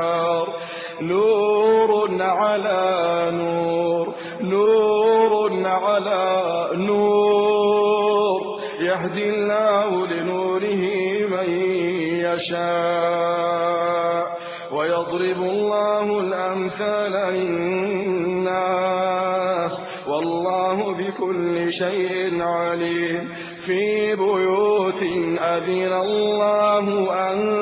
نور على نور نور على نور يهدي الله لنوره من يشاء ويضرب الله الأمثال للناس والله بكل شيء عليم في بيوت أذن الله أن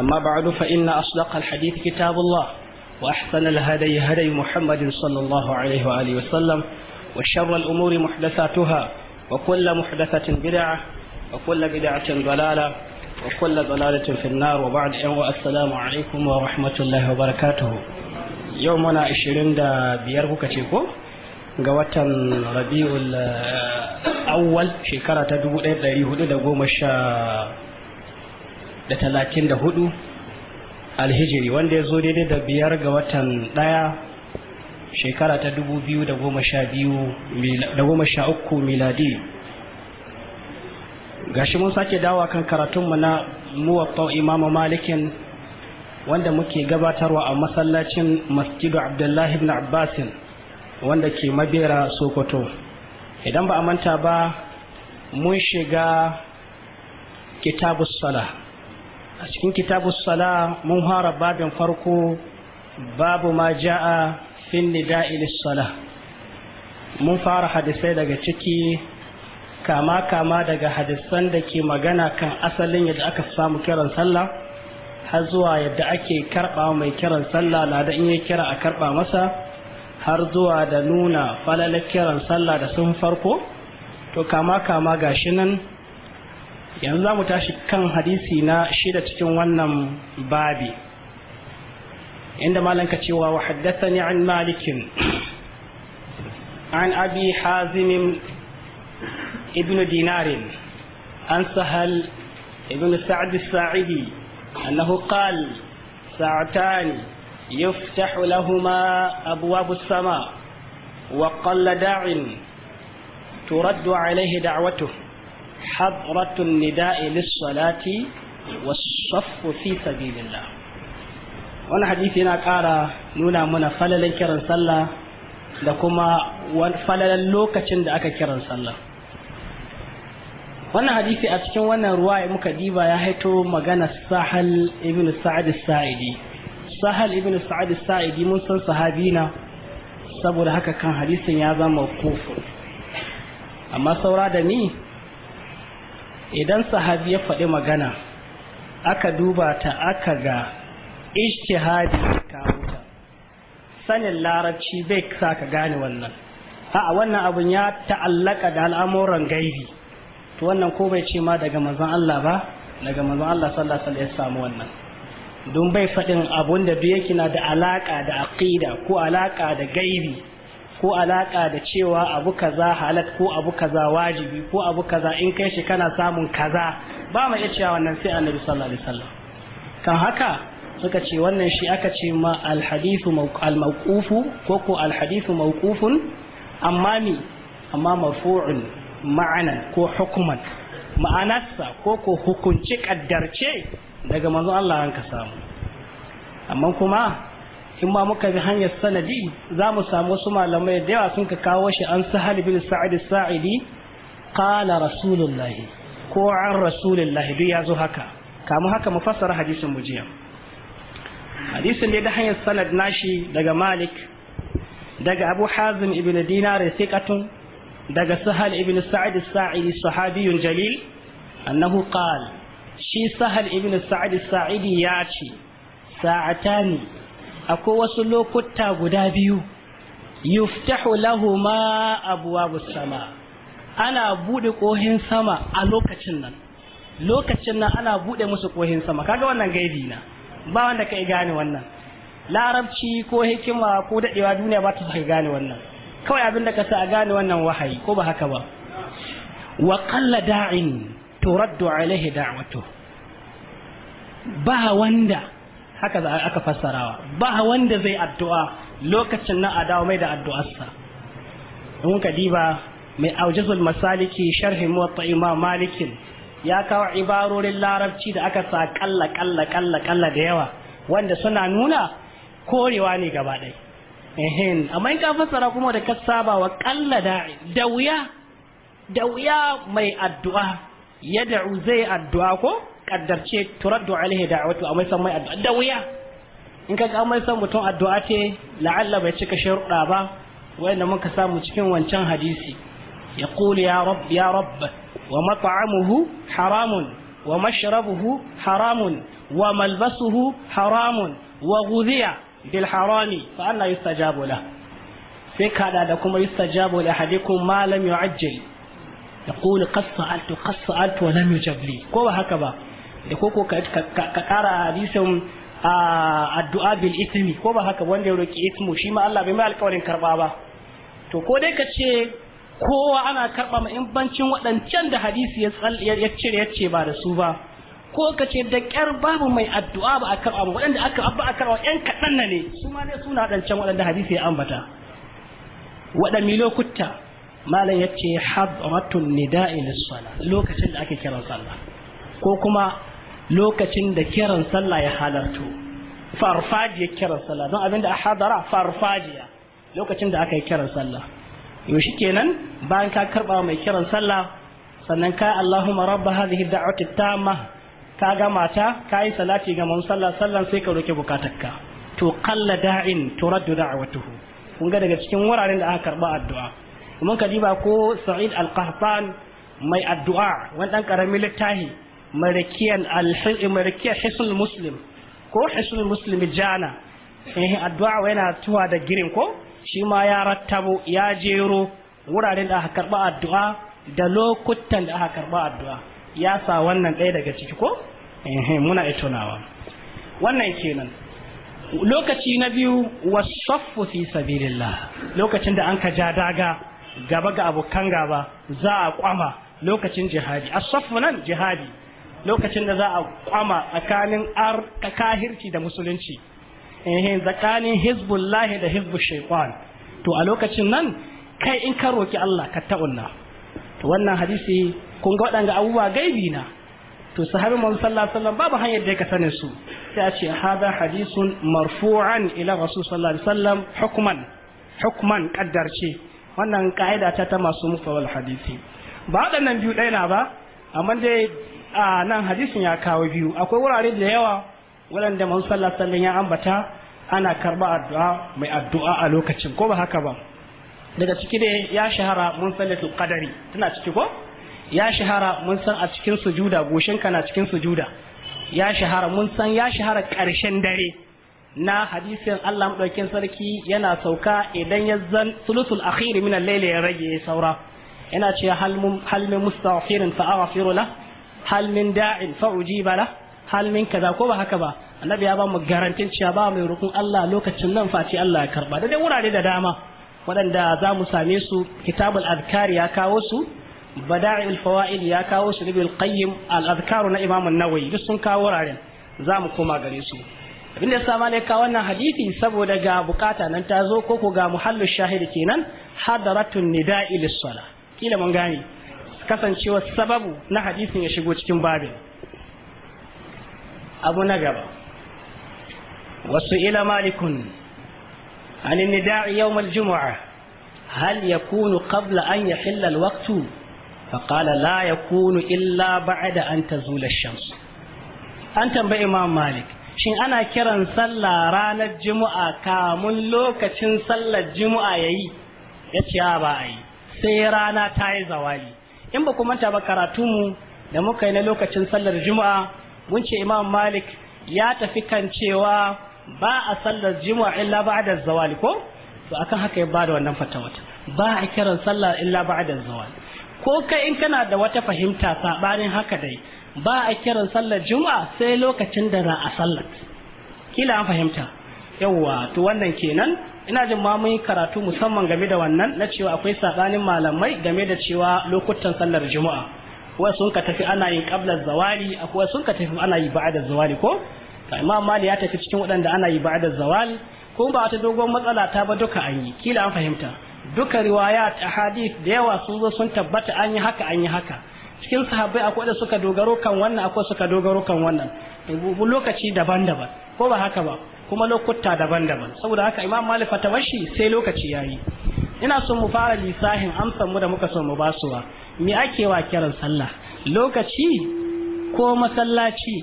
أما بعد فإن أصدق الحديث كتاب الله وأحسن الهدي هدي محمد صلى الله عليه وآله وسلم وشر الأمور محدثاتها وكل محدثة بدعة وكل بدعة ضلالة وكل ضلالة في النار وبعد السلام عليكم ورحمة الله وبركاته يومنا عشرين دا بياركو كتيكو ga watan rabi'ul awwal shekara ta 1417 da talatin da hudu alhijiri wanda ya zo daidai da biyar ga watan ɗaya shekara ta dubu biyu da goma sha biyu uku miladi gashi mun sake dawa kan karatunmu na muwatta imamu malikin wanda muke gabatarwa a masallacin masjidu abdullahi ibn abbasin wanda ke mabera sokoto idan ba a manta ba mun shiga kitabu sala a cikin kitabu sala mun fara babin farko babu ma ja'a fin ni lis mun fara hadisai daga ciki kama kama daga hadisan da ke magana kan asalin yadda aka samu kiran sallah har zuwa yadda ake karɓa mai kiran sallah lada in ya kira a karɓa masa har zuwa da nuna falalar kiran sallah da sun farko to kama kama ga shi nan yanzu za mu tashi kan hadisi na shida cikin wannan babi inda malanka cewa wa haddathani an malikin an abi hazimin ibn dinarin an sahal ibn sa'd sa'idi انه قال ساعتان يفتح لهما ابواب السماء وقل داع ترد عليه دعوته hadratun nida'i lis-salati was-saffu fi wannan hadisi yana ƙara nuna mana falalan kiran sallah da kuma falalan lokacin da aka kiran sallah wannan hadisi a cikin wannan ya muka diba ya haito magana sahal ibn sa'ad saidi sahal ibn sa'ad saidi mun san sahabina saboda haka kan hadisin ya zama kufur amma saura da ni idan sahabi ya faɗi magana aka duba ta aka ga ishtihadi ka wuta sanin larabci bai sa ka gane wannan a wannan abun ya ta'allaka da al'amuran gaibi to wannan ko bai ce ma daga manzon Allah ba daga manzon Allah sallallahu alaihi ya samu wannan don bai faɗin abun da bai yake na da alaka da aqida ko alaka da gaibi ko alaka da cewa abu kaza halat ko abu kaza wajibi ko abu kaza in kai shi kana samun kaza ba mu iya cewa wannan sai annabi sallallahu alaihi wasallam kan haka suka ce wannan shi aka ce ma alhadithu almawqufu ko ko alhadithu mawqufun amma mi amma marfu'un ma'anan ko hukuman ma'anarsa ko ko hukunci kaddarce daga manzo Allah an ka samu amma kuma in ma muka bi hanyar sanadi za mu samu wasu malamai da yawa sun ka kawo shi an sahal bin sa'id sa'idi qala rasulullahi ko an rasulullahi duk ya zo haka kamu haka mu fassara hadisin mu jiya hadisin ne da hanyar sanad nashi daga malik daga abu hazim ibn dinar thiqatun daga sahal ibn sa'id sa'idi sahabiyun jalil annahu qala shi sahal ibn sa'id sa'idi ya ce sa'atani akwai wasu lokuta guda biyu yuftahu lahuma abwabus sama ana bude kohin sama a lokacin nan lokacin nan ana bude musu kohin sama kaga wannan gaibi na ba wanda kai gane wannan larabci ko hikima ko dadewa duniya ba ta saka gane wannan kawai abinda ka sa a gane wannan wahayi ko ba haka ba wa qalla da'in turaddu alaihi da'watu ba wanda haka za aka fassarawa ba wanda zai addu'a lokacin na adawa mai da addu'arsa in ka diba mai aujizul masaliki sharhi muwatta imam malikin ya kawo ibarorin larabci da aka sa kalla kalla kalla kalla da yawa wanda suna nuna korewa ne gaba ɗaya ehin amma in ka fassara kuma da ka saba wa kalla da da wuya mai addu'a ya da'u zai addu'a ko kaddarce turaddu alaihi da'watu amai san mai addu'a da wuya in ka ga mai san mutum addu'a ce la'alla bai cika sharuɗa ba wanda muka samu cikin wancan hadisi ya qulu ya rabb ya rabb wa mat'amuhu haramun wa mashrabuhu haramun wa malbasuhu haramun wa ghudhiya bil harami fa anna yustajabu lahu sai kada da kuma yustajabu da hadikum ma lam yu'ajjal yaqulu qad sa'altu qad sa'altu wa lam yujab li ko ba haka ba da koko ka kara hadisin addu'a bil ismi ko ba haka wanda ya roki ismu shi ma Allah bai mai alƙawarin karba ba to ko dai ka ce kowa ana karba ma in bancin waɗancan da hadisi ya cire ya ce ba da su ba ko ka ce da ƙyar babu mai addu'a ba a karba ma waɗanda aka abba a karba ƴan kaɗan na ne su ma ne suna waɗancan waɗanda hadisi ya ambata mi lokuta malam ya ce hadratun nida'i lis lokacin da ake kiran sallah ko kuma lokacin da kiran sallah ya halarto farfajiya kiran sallah don abinda a hadara farfajiya lokacin da aka yi kiran sallah yau kenan bayan ka karba mai kiran sallah sannan ka Allahumma rabba hadhihi da'wati tamma ka ga mata ka yi salati ga mun sallah sallan sai ka roke bukatarka to qalla da'in turaddu da'watuhu kun ga daga cikin wuraren da aka karba addu'a mun ka diba ko Sa'id al-Qahtan mai addu'a wani dan karamin littafi marikiyan marikiyan hisul muslim ko hisul muslim jana eh addu'a yana tuwa da girin ko shi ma ya rattabo ya jero wuraren da aka karba addu'a da lokutan da aka karba addu'a ya sa wannan ɗaya daga ciki ko eh muna itonawa wannan kenan lokaci na biyu wasaffu fi sabilillah lokacin da an ka ja daga gaba ga abokan gaba za a kwama lokacin jihadi asaffu nan jihadi lokacin da za a kwama tsakanin ar kahirci da musulunci eh tsakanin hizbullahi da hizbu shaytan to a lokacin nan kai in ka roki Allah ka ta'unna to wannan hadisi kun ga waɗanda abubuwa gaibi na to sahabi mu sallallahu alaihi wasallam babu hanyar da ka sani su sai a ce hada hadisun marfu'an ila rasul sallallahu alaihi wasallam hukman hukman kaddarce wannan ka'ida ta ta masu mufawal hadisi ba waɗannan biyu ɗaya na ba amma dai a nan hadisin ya kawo biyu akwai wurare da yawa wadanda mun sallah sallan ya ambata ana karba addu'a mai addu'a a lokacin ko ba haka ba daga ciki ne ya shahara mun sallatul qadari tana ciki ko ya shahara mun san a cikin sujuda goshin kana cikin sujuda ya shahara mun san ya shahara ƙarshen dare na hadisin Allah madaukin sarki yana sauka idan ya zan sulusul akhiri min al layl ya rage saura yana cewa hal min mustaghfirin fa aghfiru lahu hal min da'in fa ujiba la hal min kaza ko ba haka ba annabi ya ba mu garantin cewa ba mai rukun Allah lokacin nan face Allah ya karba da dai wurare da dama waɗanda za mu same su kitabul azkar ya kawo su bada'il fawaid ya kawo su ibn qayyim al azkar na imam an-nawawi duk sun kawo wuraren za mu koma gare su abin da yasa malai kawo wannan hadisi saboda ga bukata nan ta zo ko ko ga muhallu shahid kenan hadaratun nida'i salah kila mun gane Kasancewa sababu na hadisin ya shigo cikin babin abu na gaba wasu ila malikun عن النداء يوم الجمعة هل يكون قبل أن يحل الوقت فقال لا يكون إلا بعد أن تزول An أنت بإمام malik. shin ana kiran sallah ranar juma'a kamun lokacin sallar juma'a yayi ya ce ba a yi sai rana ta yi zawali in ba ku manta ba karatu mu da muka yi na lokacin sallar juma'a mun ce imam malik ya tafi kan cewa ba a sallar juma'a illa ba da zawali ko to akan haka ya bada wannan fatawata ba a kiran sallar illa ba da zawali ko kai in kana da wata fahimta sabanin haka dai ba a kiran sallar juma'a sai lokacin da za a sallar kila an fahimta yawwa to wannan kenan ina jin ma mun yi karatu musamman game da wannan na cewa akwai sabanin malamai game da cewa lokutan sallar juma'a wasu sun ka tafi ana yin qabla zawali akwai sun ka tafi ana yi ba'da zawali ko ka imam mali ya tafi cikin waɗanda ana yi ba'da zawali ko ba ta dogon matsala ta ba duka an yi kila an fahimta duka riwaya ta hadith da yawa sun zo sun tabbata an yi haka an yi haka cikin sahabbai akwai da suka dogaro kan wannan akwai suka dogaro kan wannan lokaci daban-daban ko ba haka ba kuma lokuta daban-daban saboda haka imam malik fatawashi sai lokaci yayi ina son mu fara lisahin amsan mu da muka so mu basuwa me ake wa kiran sallah lokaci ko masallaci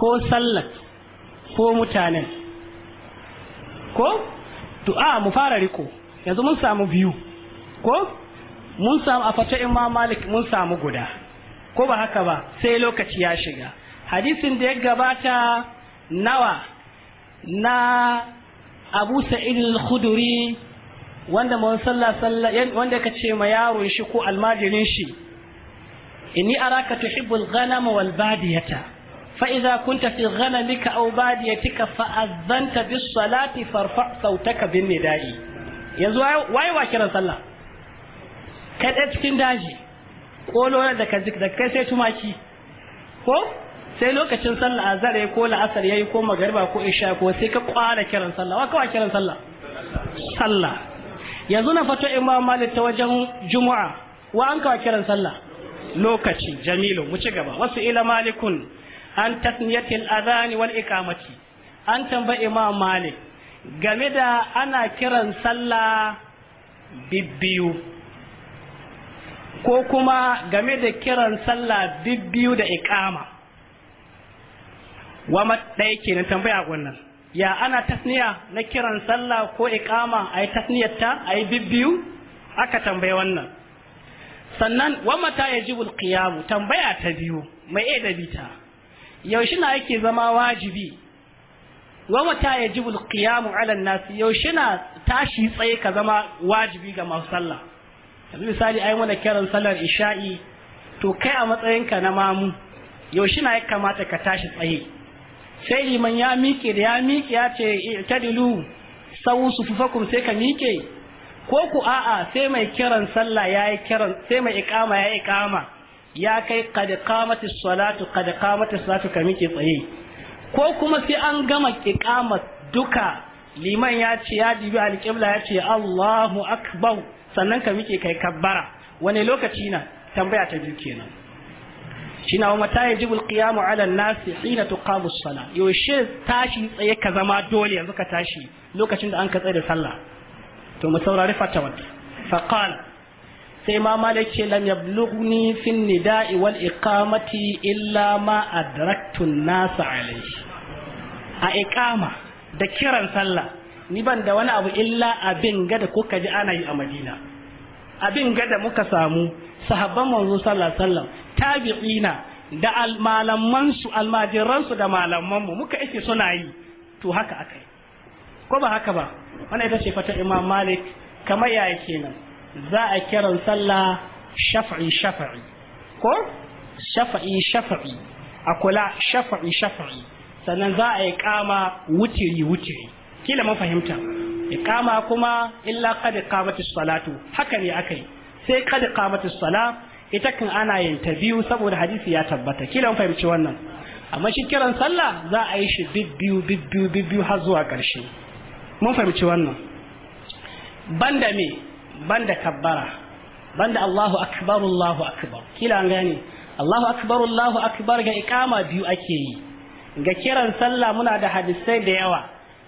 ko sallat ko mutanen ko du'a mu fara riko yanzu mun samu biyu ko mun samu a fata imam malik mun samu guda ko ba haka ba sai lokaci ya shiga hadisin da ya gabata nawa na abu sa'id al-khuduri wanda mun wanda ka ce ma yaron shi ko almajirin shi inni araka tuhibbu al-ghanam wal badiyata fa idza kunta fi ghanamika aw badiyatika fa azanta bis salati farfa sautaka bin nida'i yanzu waye wa kiran sallah kai cikin daji kolo da ka kai sai tumaki ko sai lokacin sallah a zare ko la'asar yayi ko magariba ko isha ko sai ka kwara kiran sallah wa kawai kiran sallah sallah yanzu na fato imam malik ta wajen juma'a wa an kawai kiran sallah lokaci jamilu mu ci gaba wasu ila malikun an tasniyatil adhani wal iqamati an tambayi imam malik game da ana kiran sallah bibbiyu ko kuma game da kiran sallah bibbiyu da ikama. wa ɗaya kenan tambaya wannan ya ana tasniya na kiran sallah ko iqama yi tasniyar ta yi bibbiyu aka tambaye wannan sannan wa mata yajibu alqiyam tambaya ta biyu mai da bita yaushe na yake zama wajibi wa mata ya ji ala an-nas yaushe na tashi tsaye ka zama wajibi ga masu sallah misali ai mana kiran sallar isha'i to kai a matsayinka na mamu yaushe na ya kamata ka tashi tsaye sai liman ya miƙe da ya miƙe ya ce dilu sau su fufakum sai ka miƙe ko ku a'a sai mai kiran sallah ya yi kiran sai mai iƙama ya yi iƙama ya kai kada kamata salatu kada kamata salatu ka miƙe tsaye ko kuma sai an gama ikama duka liman ya ce ya dibi alƙibla ya ce Allahu akbar sannan ka miƙe kai kabbara wani lokaci na tambaya ta biyu kenan shina wa mata yajibu qiyamu ala nasi hina tuqamu as-salah yaushe tashi tsaye ka zama dole yanzu ka tashi lokacin da an ka tsaye da sallah to mu saurari fatawar fa qala sai ma malik ce lam yablughni fi nida'i wal iqamati illa ma adraktu an-nas alayhi a iqama da kiran sallah ni ban da wani abu illa abin gada kuka ji ana yi a madina abin gada muka samu sahabban manzo sallallahu alaihi wasallam tabi'ina da almalaman su almajiran su da malaman mu muka yake suna yi to haka akai ko ba haka ba wannan ita ce fata Imam Malik kamar yaya kenan za a kiran sallah shafa'i shafa'i ko shafa'i shafa'i a kula shafa'i shafa'i sannan za a yi kama wutiri wutiri kila mun fahimta iqama kuma illa qad qamati salatu haka ne akai sai kada kamata sala ita kan ana yin ta biyu saboda hadisi ya tabbata kila mun fahimci wannan amma shi kiran sallah za a yi shi bibbiyu bibbiyu bibbiyu har zuwa ƙarshe mun fahimci wannan banda me banda kabbara banda Allahu akbar Allahu akbar kila an gane Allahu akbar Allahu akbar ga ikama biyu ake yi ga kiran sallah muna da hadisai da yawa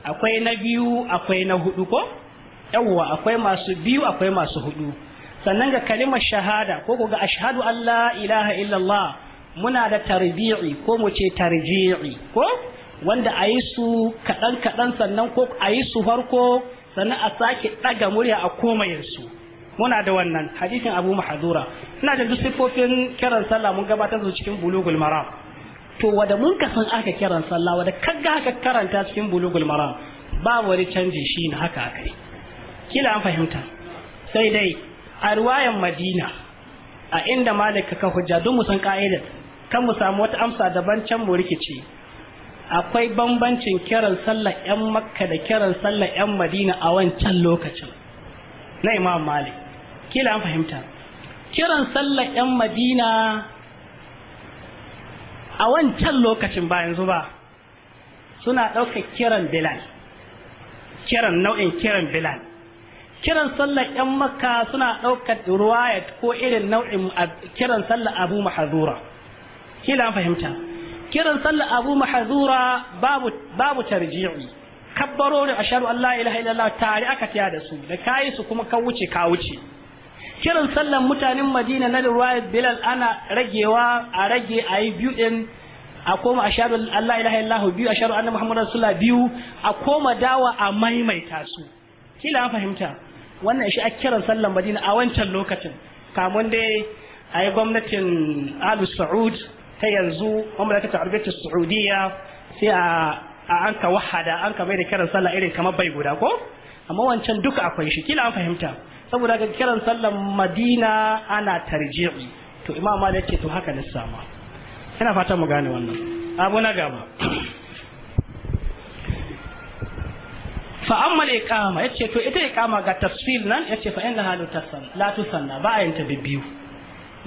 akwai na biyu akwai na hudu ko yawwa akwai masu biyu akwai masu hudu sannan ga kalimar shahada ko ga ashhadu an ilaha illallah muna da tarbi'i ko mu ce tarji'i ko wanda a yi su kaɗan kaɗan sannan ko a yi su farko sannan a sake ɗaga murya a koma yansu muna da wannan hadisin abu mahadura ina da duk siffofin kiran sallah mun gabatar su cikin bulugul maram to wada mun ka san aka kiran sallah wada kaga aka karanta cikin bulugul maram ba wani canji shi na haka akai kila an fahimta sai dai a ruwayan madina a inda malik ka hujja don mu san ka'idar kan mu samu wata amsa daban can mu rikice akwai bambancin kiran sallar yan makka da kiran sallar yan madina a wancan lokacin na imam malik kila an fahimta kiran sallar yan madina a wancan lokacin ba yanzu ba suna ɗaukar kiran bilal kiran nau'in kiran bilal kiran sallar yan makka suna ɗaukar ruwayat ko irin nau'in kiran sallar abu mahazura kila fahimta kiran sallar abu mahazura babu babu tarji'i kabbarori ashhadu an la ilaha illallah tare aka tiya da su da kayi su kuma ka wuce ka wuce kiran sallar mutanen madina na ruwayat bilal ana ragewa a rage a yi biyu din a koma ashhadu an la ilaha illallah biyu ashhadu anna muhammadar rasulullah biyu a koma dawa a maimaita su kila fahimta wannan shi ake kiran sallan madina a wancan lokacin kamun dai a yi gwamnatin alu sa'ud ta yanzu mamlaka ta ta sa'udiyya sai a an ka wahada an ka mai da kiran sallah irin kamar bai guda ko amma wancan duka akwai shi kila an fahimta saboda ga kiran sallan madina ana tarji'i to imam malik ce to haka na sama ina fatan mu gane wannan abu na gaba fa amma iqama ce to ita iqama ga tafsir nan ce fa inna halu tasan la tusanna ba ayin ta bibiyu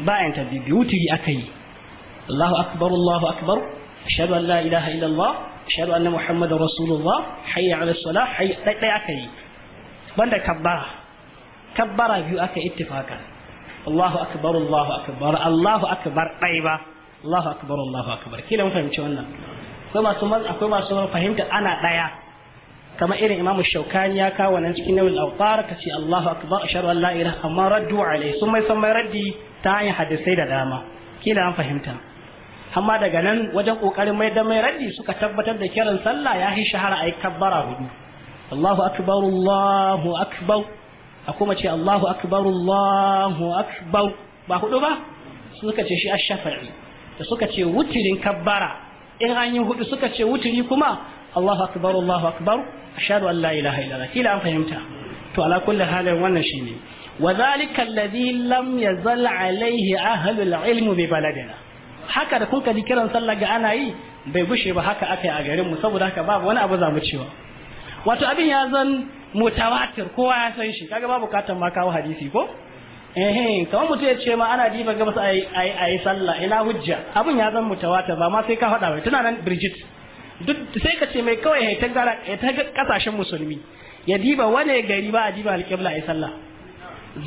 ba ayin ta bibiyu ti akai Allahu akbar Allahu akbar ashhadu an la ilaha illa Allah ashhadu anna muhammadar rasulullah hayya ala salah hayya dai dai akai banda kabbara kabbara biyu aka ittifaka Allahu akbar Allahu akbar Allahu akbar dai ba Allahu akbar Allahu akbar kila mun fahimci wannan akwai masu akwai masu fahimta ana daya kamar irin imamu shaukani ya kawo nan cikin nawil awtar ce Allahu akbar ashhadu an la amma raddu alai sun mai san mai raddi ta hanyar hadisai da dama kila an fahimta amma daga nan wajen kokarin mai da mai raddi suka tabbatar da kiran sallah ya yi shahara ai kabbara hudu Allahu akbar Allahu akbar a kuma ce Allahu akbar Allahu akbar ba hudu ba suka ce shi da suka ce wutirin kabbara in an yi hudu suka ce wutiri kuma Allahu akbar Allahu akbar ashhadu an la ilaha illallah kila an fahimta to ala kulli halin wannan shine wa zalika alladhi lam yazal alayhi ahlul ilm bi baladina haka da kun ka ji kiran sallah ga ana yi bai gushe ba haka aka yi a garin mu saboda haka babu wani abu za mu cewa wato abin ya zan mutawatir kowa ya san shi kaga babu bukatar ma kawo hadisi ko eh kamar mutum ya ce ma ana diba gabas ayi ayi sallah ina hujja abin ya zan mutawatir ba ma sai ka faɗa ba tana nan duk sai ka ce mai kawai ya ta gara ya ta kasashen musulmi ya diba wane gari ba a diba alƙibla a yi sallah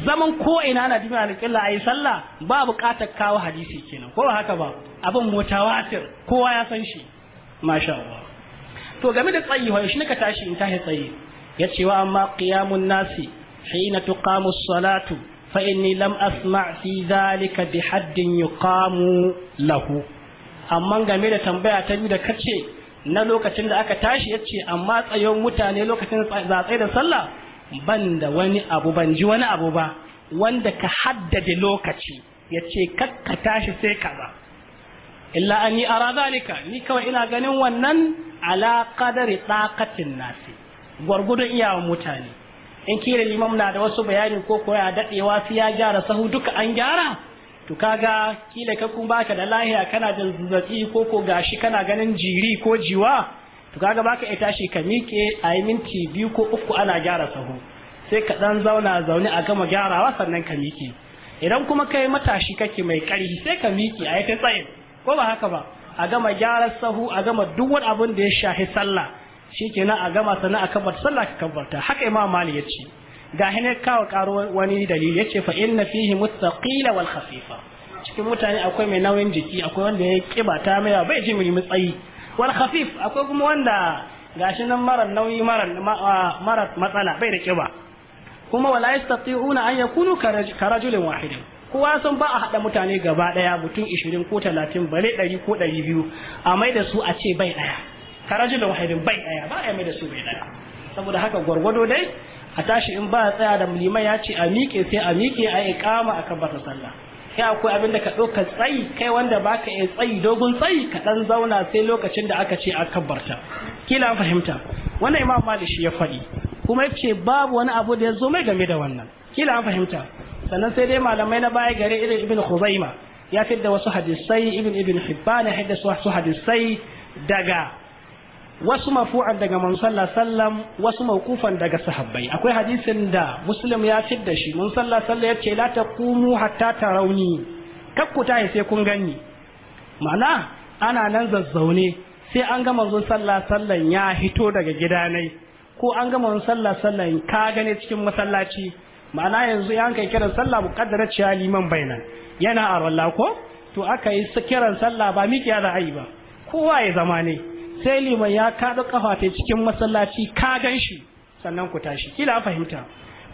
zaman ko ina na diba alƙibla a yi sallah ba buƙatar kawo hadisi kenan ko haka ba abin mutawatir kowa ya san shi masha Allah to game da tsayi wa shi ka tashi in tashi tsayi ya ce wa amma qiyamun nasi hina tuqamu salatu fa inni lam asma fi zalika bi haddin yuqamu lahu amma game da tambaya ta biyu da kace na lokacin da aka tashi ya ce, amma tsayon mutane lokacin zatsai da sallah ban da wani abu ban ji wani abu ba wanda ka haddade lokaci ya ce, ka tashi sai kaza illa an yi ara zalika ni kawai ina ganin wannan ala qadari taqatin nasi gwargudun iyawan mutane in kira limam na da wasu bayani ko koya dadewa sai ya gyara sahu duka an gyara to kaga kila ka kun baka da lahiya kana da zazzabi ko ko gashi kana ganin jiri ko jiwa to kaga baka ya tashi ka miƙe a yi minti biyu ko uku ana gyara sahu sai ka dan zauna zaune a gama gyarawa sannan ka miƙe idan kuma kai matashi kake mai ƙarfi sai ka miƙe a yi ta tsayin ko ba haka ba a gama gyaran sahu a gama duk wani abin da ya shahi sallah shikenan a gama sannan a kabbata sallah ka kabbata haka imam mali ya ce ga hane kawo karo wani dalili yace fa inna fihi mustaqila wal khafifa cikin mutane akwai mai nauyin jiki akwai wanda ya kiba ta mai bai ji mai matsayi wal khafif akwai kuma wanda gashi nan mara nauyi mara matsala bai da kiba kuma wala yastati'una an yakunu karajulin wahidin kowa san ba a haɗa mutane gaba ɗaya mutum 20 ko 30 bale 100 ko 200 a mai da su a ce bai ɗaya karajulin wahidin bai ɗaya ba a mai da su bai ɗaya saboda haka gwargwado dai a tashi in ba tsaya da liman ya ce a miƙe sai a miƙe a a kan bata sallah kai akwai abin da ka ɗauka tsayi kai wanda baka iya tsayi dogon tsayi ka ɗan zauna sai lokacin da aka ce a kabbarta kila fahimta wannan imam malik shi ya faɗi kuma ya ce babu wani abu da ya zo mai game da wannan kila fahimta sannan sai dai malamai na baya gare irin ibn khuzaima ya fidda wasu hadisai ibn ibn hibban ya fidda wasu hadisai daga wasu mafu'an daga man sallallahu sallam wasu mawqufan daga sahabbai akwai hadisin da muslim ya da shi man sallallahu sallam yace la taqumu hatta tarawni kakkuta sai kun gani ma'ana ana nan zazzaune sai an ga manzon sallallahu ya hito daga gidanai ko an ga manzon sallallahu sallam ka gane cikin masallaci mana yanzu ya kai kiran sallah muqaddara ci liman bainan yana a to aka yi kiran sallah ba ya da ai ba kowa ya zama ne sai liman ya kaɗa ƙafa ta cikin masallaci ka gan shi sannan ku tashi kila fahimta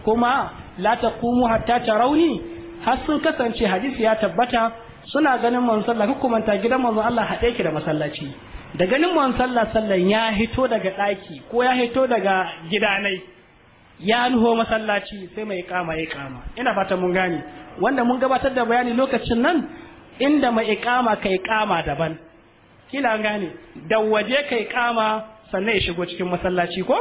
kuma la kumu hatta rauni har sun kasance hadisi ya tabbata suna ganin manzon sallah ku kumanta gidan manzon Allah haɗe ki da masallaci da ganin manzon sallah sallan ya hito daga ɗaki ko ya hito daga gidanai ya nuho masallaci sai mai ikama ya ina fata mun gane wanda mun gabatar da bayani lokacin nan inda mai ikama ka ikama daban kila an gane da waje kai kama sannan ya shigo cikin masallaci ko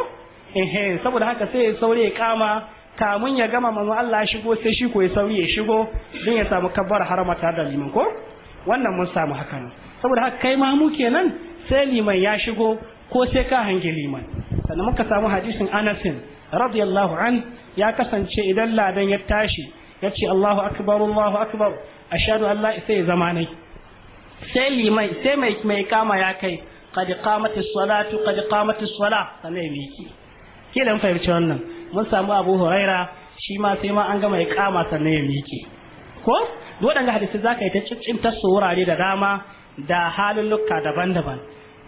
ehe saboda haka sai ya ya kama kamun ya gama manzo Allah ya shigo sai shi ko ya sauri ya shigo din ya samu kabbar harama ta da liman ko wannan mun samu haka ne saboda haka kai ma mu kenan sai liman ya shigo ko sai ka hange liman sannan muka samu hadisin Anasin radiyallahu an ya kasance idan ladan ya tashi ya ce Allahu akbar Allahu akbar ashhadu an la ilaha illa zama nai sai sai mai mai kama ya kai kad qamati salatu qad qamat as-salah Ki miki dan fahimci wannan mun samu Abu Huraira shi ma sai ma an ga mai kama ya miki ko waɗanda hadisi zaka yi ta cincin ta wurare da dama da halin lukka daban-daban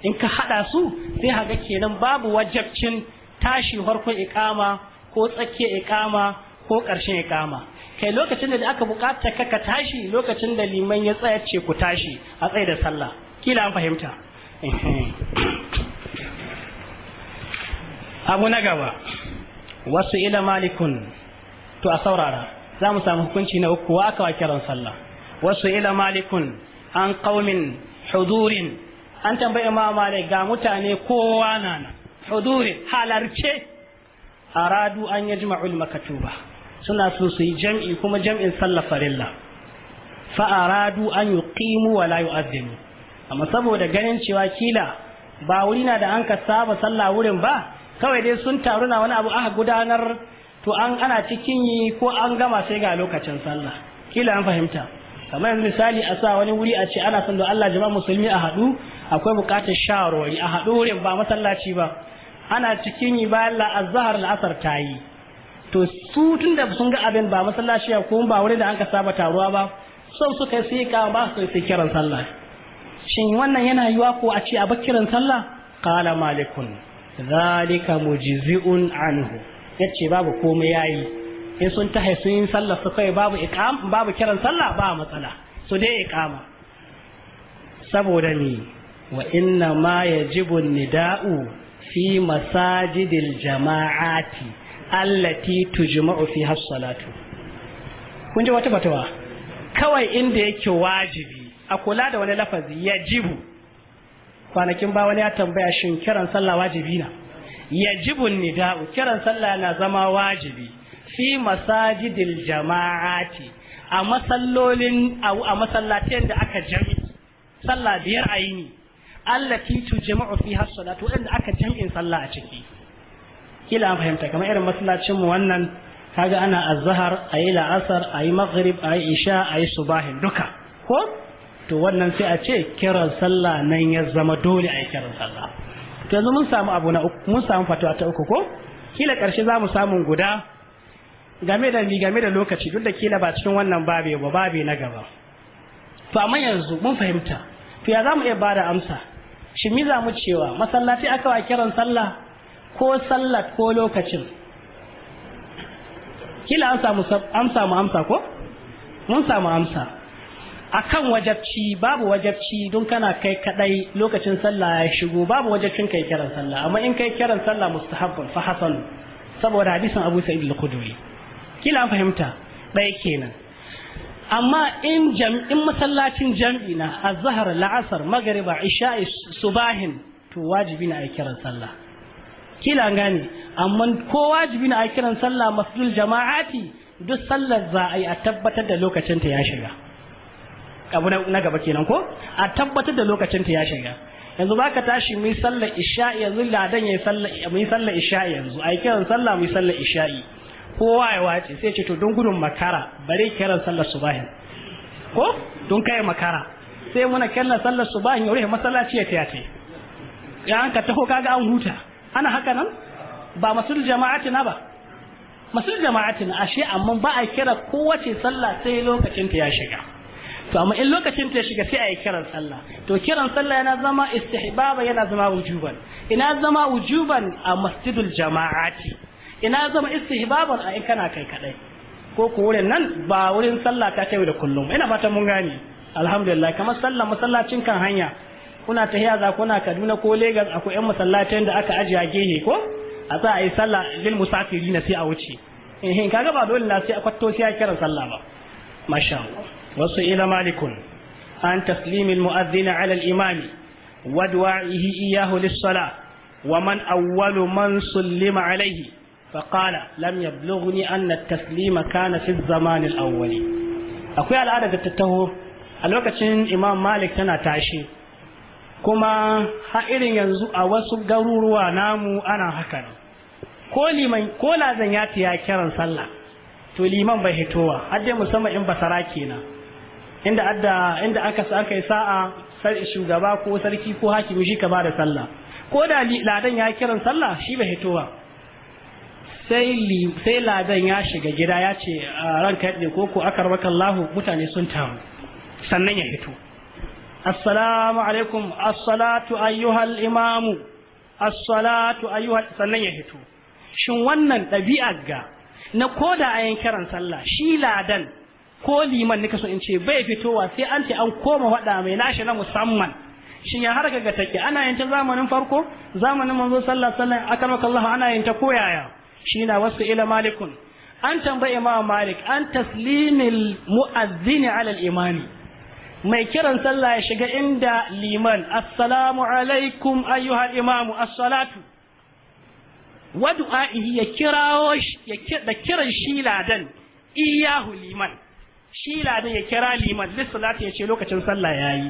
in ka hada su sai haga kenan babu wajabcin tashi farkon ikama ko tsakiyar ikama ko ƙarshen ikama kai lokacin da aka bukata ka tashi lokacin da liman ya tsaya ce ku tashi a tsaye da sallah kila an fahimta abu na gaba wasu ila malikun to a saurara za mu samu hukunci na uku wa aka wa kiran sallah wasu ila malikun an kaumin hudurin an tambayi imam malik ga mutane kowa na hudurin halarce aradu an yajma'ul tuba. suna so su yi jam'i kuma jam'in sallah farilla fa'aradu an ƙimu wa layu yu'addimu amma saboda ganin cewa kila ba wuri na da an ka saba sallah wurin ba kawai dai sun taru na wani abu aka gudanar to an ana cikin yi ko an gama sai ga lokacin sallah kila an fahimta kamar yanzu misali a sa wani wuri a ce ana son da Allah jama'a musulmi a haɗu akwai buƙatar shawarwari a haɗu wurin ba masallaci ba ana cikin yi bayan la'azahar la'asar ta yi to su tun da sun ga abin ba masallaci ya kuma ba wurin da an ka saba taruwa ba son su kai sai ka ba su sai kiran sallah shin wannan yana yiwa ko a ce a bar kiran sallah qala malikun zalika mujzi'un anhu yace babu komai yayi in sun ta sun yi sallah su kai babu iqam babu kiran sallah ba matsala su dai iqama saboda ni wa inna ma yajibu nida'u fi masajidil jama'ati allati tujma'u fi salatu kun ji wata fatawa kawai inda yake wajibi a kula da wani lafazi yajibu kwanakin ba wani ya tambaya shin kiran sallah wajibi na yajibu nida'u kiran sallah na zama wajibi fi masajidil jama'ati a masallolin a masallatin da aka jami sallah biyar a allati tujma'u fi salatu inda aka jami'in sallah a ciki kila an fahimta kamar irin masallacin mu wannan kaga ana azhar ayi la'asar ayi maghrib ayi isha ayi subahin duka ko to wannan sai a ce kiran sallah nan ya zama dole a yi kiran sallah to yanzu mun samu abu na uku mun samu fatawa ta uku ko kila karshe za mu samu guda game da ni game da lokaci duk da kila ba cikin wannan babu ba babu na gaba to amma yanzu mun fahimta to ya za mu iya bada amsa shin mi za mu cewa masallaci aka wa kiran sallah ko sallar ko lokacin kila an samu amsa mu amsa ko mun samu amsa akan wajabci babu wajabci don kana kai kadai lokacin sallah ya shigo babu wajabcin kai kiran sallah amma in kai kiran sallah mustahabbun fa hasan saboda hadisin Abu Sa'id al-Khudri kila an fahimta dai kenan amma in jam'in masallacin jam'i na azhar la'asar maghrib isha'i subahin to wajibi na ai kiran sallah kila gane amma ko wajibi na a kiran sallah masjidul jama'ati duk sallar za a yi a tabbatar da lokacinta ya shiga abu na gaba kenan ko a tabbatar da lokacinta ya shiga yanzu baka tashi mu sallar isha'i yanzu ladan ya sallar mu sallar isha'i yanzu a kiran sallah mu sallar isha'i kowa ya wace sai ce to don gudun makara bare kiran sallar subahin ko don kai makara sai muna kiran sallar subahin ya rufe masallaci ya tayate ya an ka taho kaga an huta ana haka nan ba masul na ba masul na ashe amma ba a kira kowace sallah sai lokacin ta ya shiga to amma in lokacin ta ya shiga sai a yi kiran sallah to kiran sallah yana zama istihbaba yana zama wujuban ina zama wujuban a masjidul jama'ati ina zama istihbaban a in kana kai kadai ko ko wurin nan ba wurin sallah ta kai da kullum ina fata mun gane alhamdulillah kamar sallah masallacin kan hanya kuna tahiya za kuna Kaduna ko Lagos akwai ƴan masallatan da aka ajiye gehe ko a sa ayi sallah lil na sai a wuce eh, eh kaga ba dole na sai a kwatto sai a kiran sallah ba masha Allah wasu ila malikun an taslim al mu'adhdhin ala al imam wa du'a'ihi iyyahu lis salah wa man awwalu man sallima alayhi fa qala lam yablughni anna at taslima kana fi zaman al awwali akwai al'ada da tattaho a lokacin imam malik tana tashi kuma ha irin yanzu a wasu garuruwa namu ana haka ko liman ko lazan ya tiya kiran sallah to liman bai hitowa har dai musamman in basara kenan inda adda inda aka sa aka yi sa'a sai shugaba ko sarki ko hakimi shi ka bada sallah ko da ladan ya kiran sallah shi bai hitowa sai sai ladan ya shiga gida ya ce ranka ne ko ko akarbakallahu mutane sun taru sannan ya hito assalamu alaikum assalatu ayyuhal imamu assalatu ayyuhal sannan ya fito shin wannan ɗabi'ar ga na koda a yin kiran sallah shi ladan ko liman nika so in ce bai fitowa sai an ce an koma faɗa mai nashi na musamman shin ya harka ga take ana yin ta zamanin farko zamanin manzo sallallahu alaihi wasallam akramakallahu ana yin ta koyaya shi na wasu ila malikun an tambayi imam malik an taslimil mu'azzini ala al-imani mai kiran sallah ya shiga inda liman assalamu alaikum ayyuhal imamu assalatu wa du'a'ihi ya kirawo ya da kiran shi ladan iyahu liman shi ladan ya kira liman lissalati ya ce lokacin sallah yayi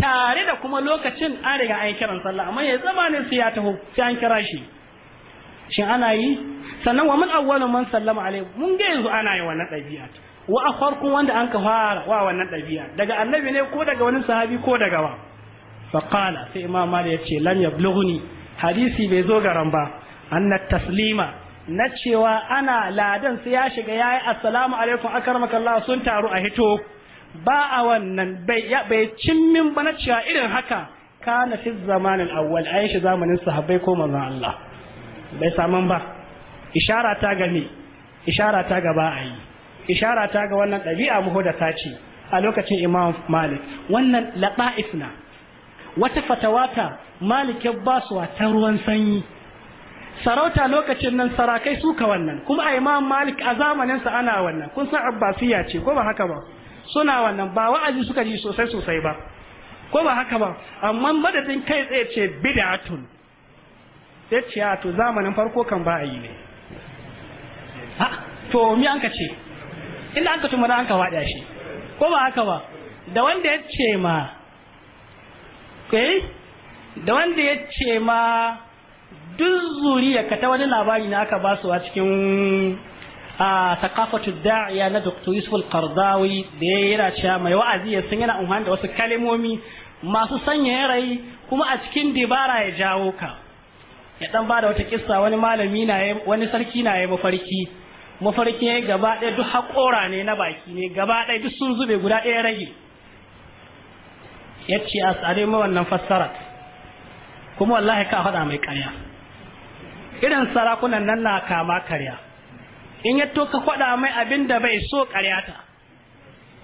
tare da kuma lokacin an riga an kiran sallah amma ya zama ne sai ya taho sai an kira shi shin ana yi sannan wa mun awwalu man sallama alaihi mun ga yanzu ana yi wannan ɗabi'a wa a farkon wanda an ka fara wa wannan ɗabi'a daga annabi ne ko daga wani sahabi ko daga wa faqala sai imam malik ya ce lan yablughuni hadisi bai zo garan ba anna taslima na cewa ana ladan sai ya shiga yayi assalamu alaikum akramakallah sun taru a hito ba a wannan bai bai cimmin ba na cewa irin haka kana fi zamanin awwal aisha zamanin sahabbai ko manzon Allah bai saman ba ishara ta game ishara ta gaba a yi ishara ta ga wannan ɗabi'a muhudasa ce a lokacin imam malik wannan laɗa'if na wata fatawata malik ya basuwa ta ruwan sanyi sarauta lokacin nan sarakai suka wannan kuma a imam malik a zamanin ana wannan kun san abbasiya ce ko ba haka ba suna wannan ba wa'azi suka ji sosai sosai ba ko ba haka ba amma madadin kai tsaye ce bid'atun ya ce to zamanin farko kan ba a yi ne to mi an ka ce inda an ka tumana an ka faɗa shi ko ba haka ba da wanda ya ce ma eh? da wanda ya ce ma duk zuriya ka ta wani labari na aka ba a cikin a takafatu da'iya na dr yusuf al-qardawi da ya yi cewa mai wa'azi ya san yana umarni da wasu kalimomi masu sanya rai kuma a cikin dibara ya jawo ka ya dan ba da wata kissa wani malami na wani sarki na ya mafarki mafarkin gaba ɗaya duk haƙora ne na baki ne gaba ɗaya duk sun zube guda ɗaya rage ya ce a tsare ma wannan fassara kuma wallahi ka faɗa mai karya irin sarakunan nan na kama karya in ya to ka faɗa mai abin da bai so karya ta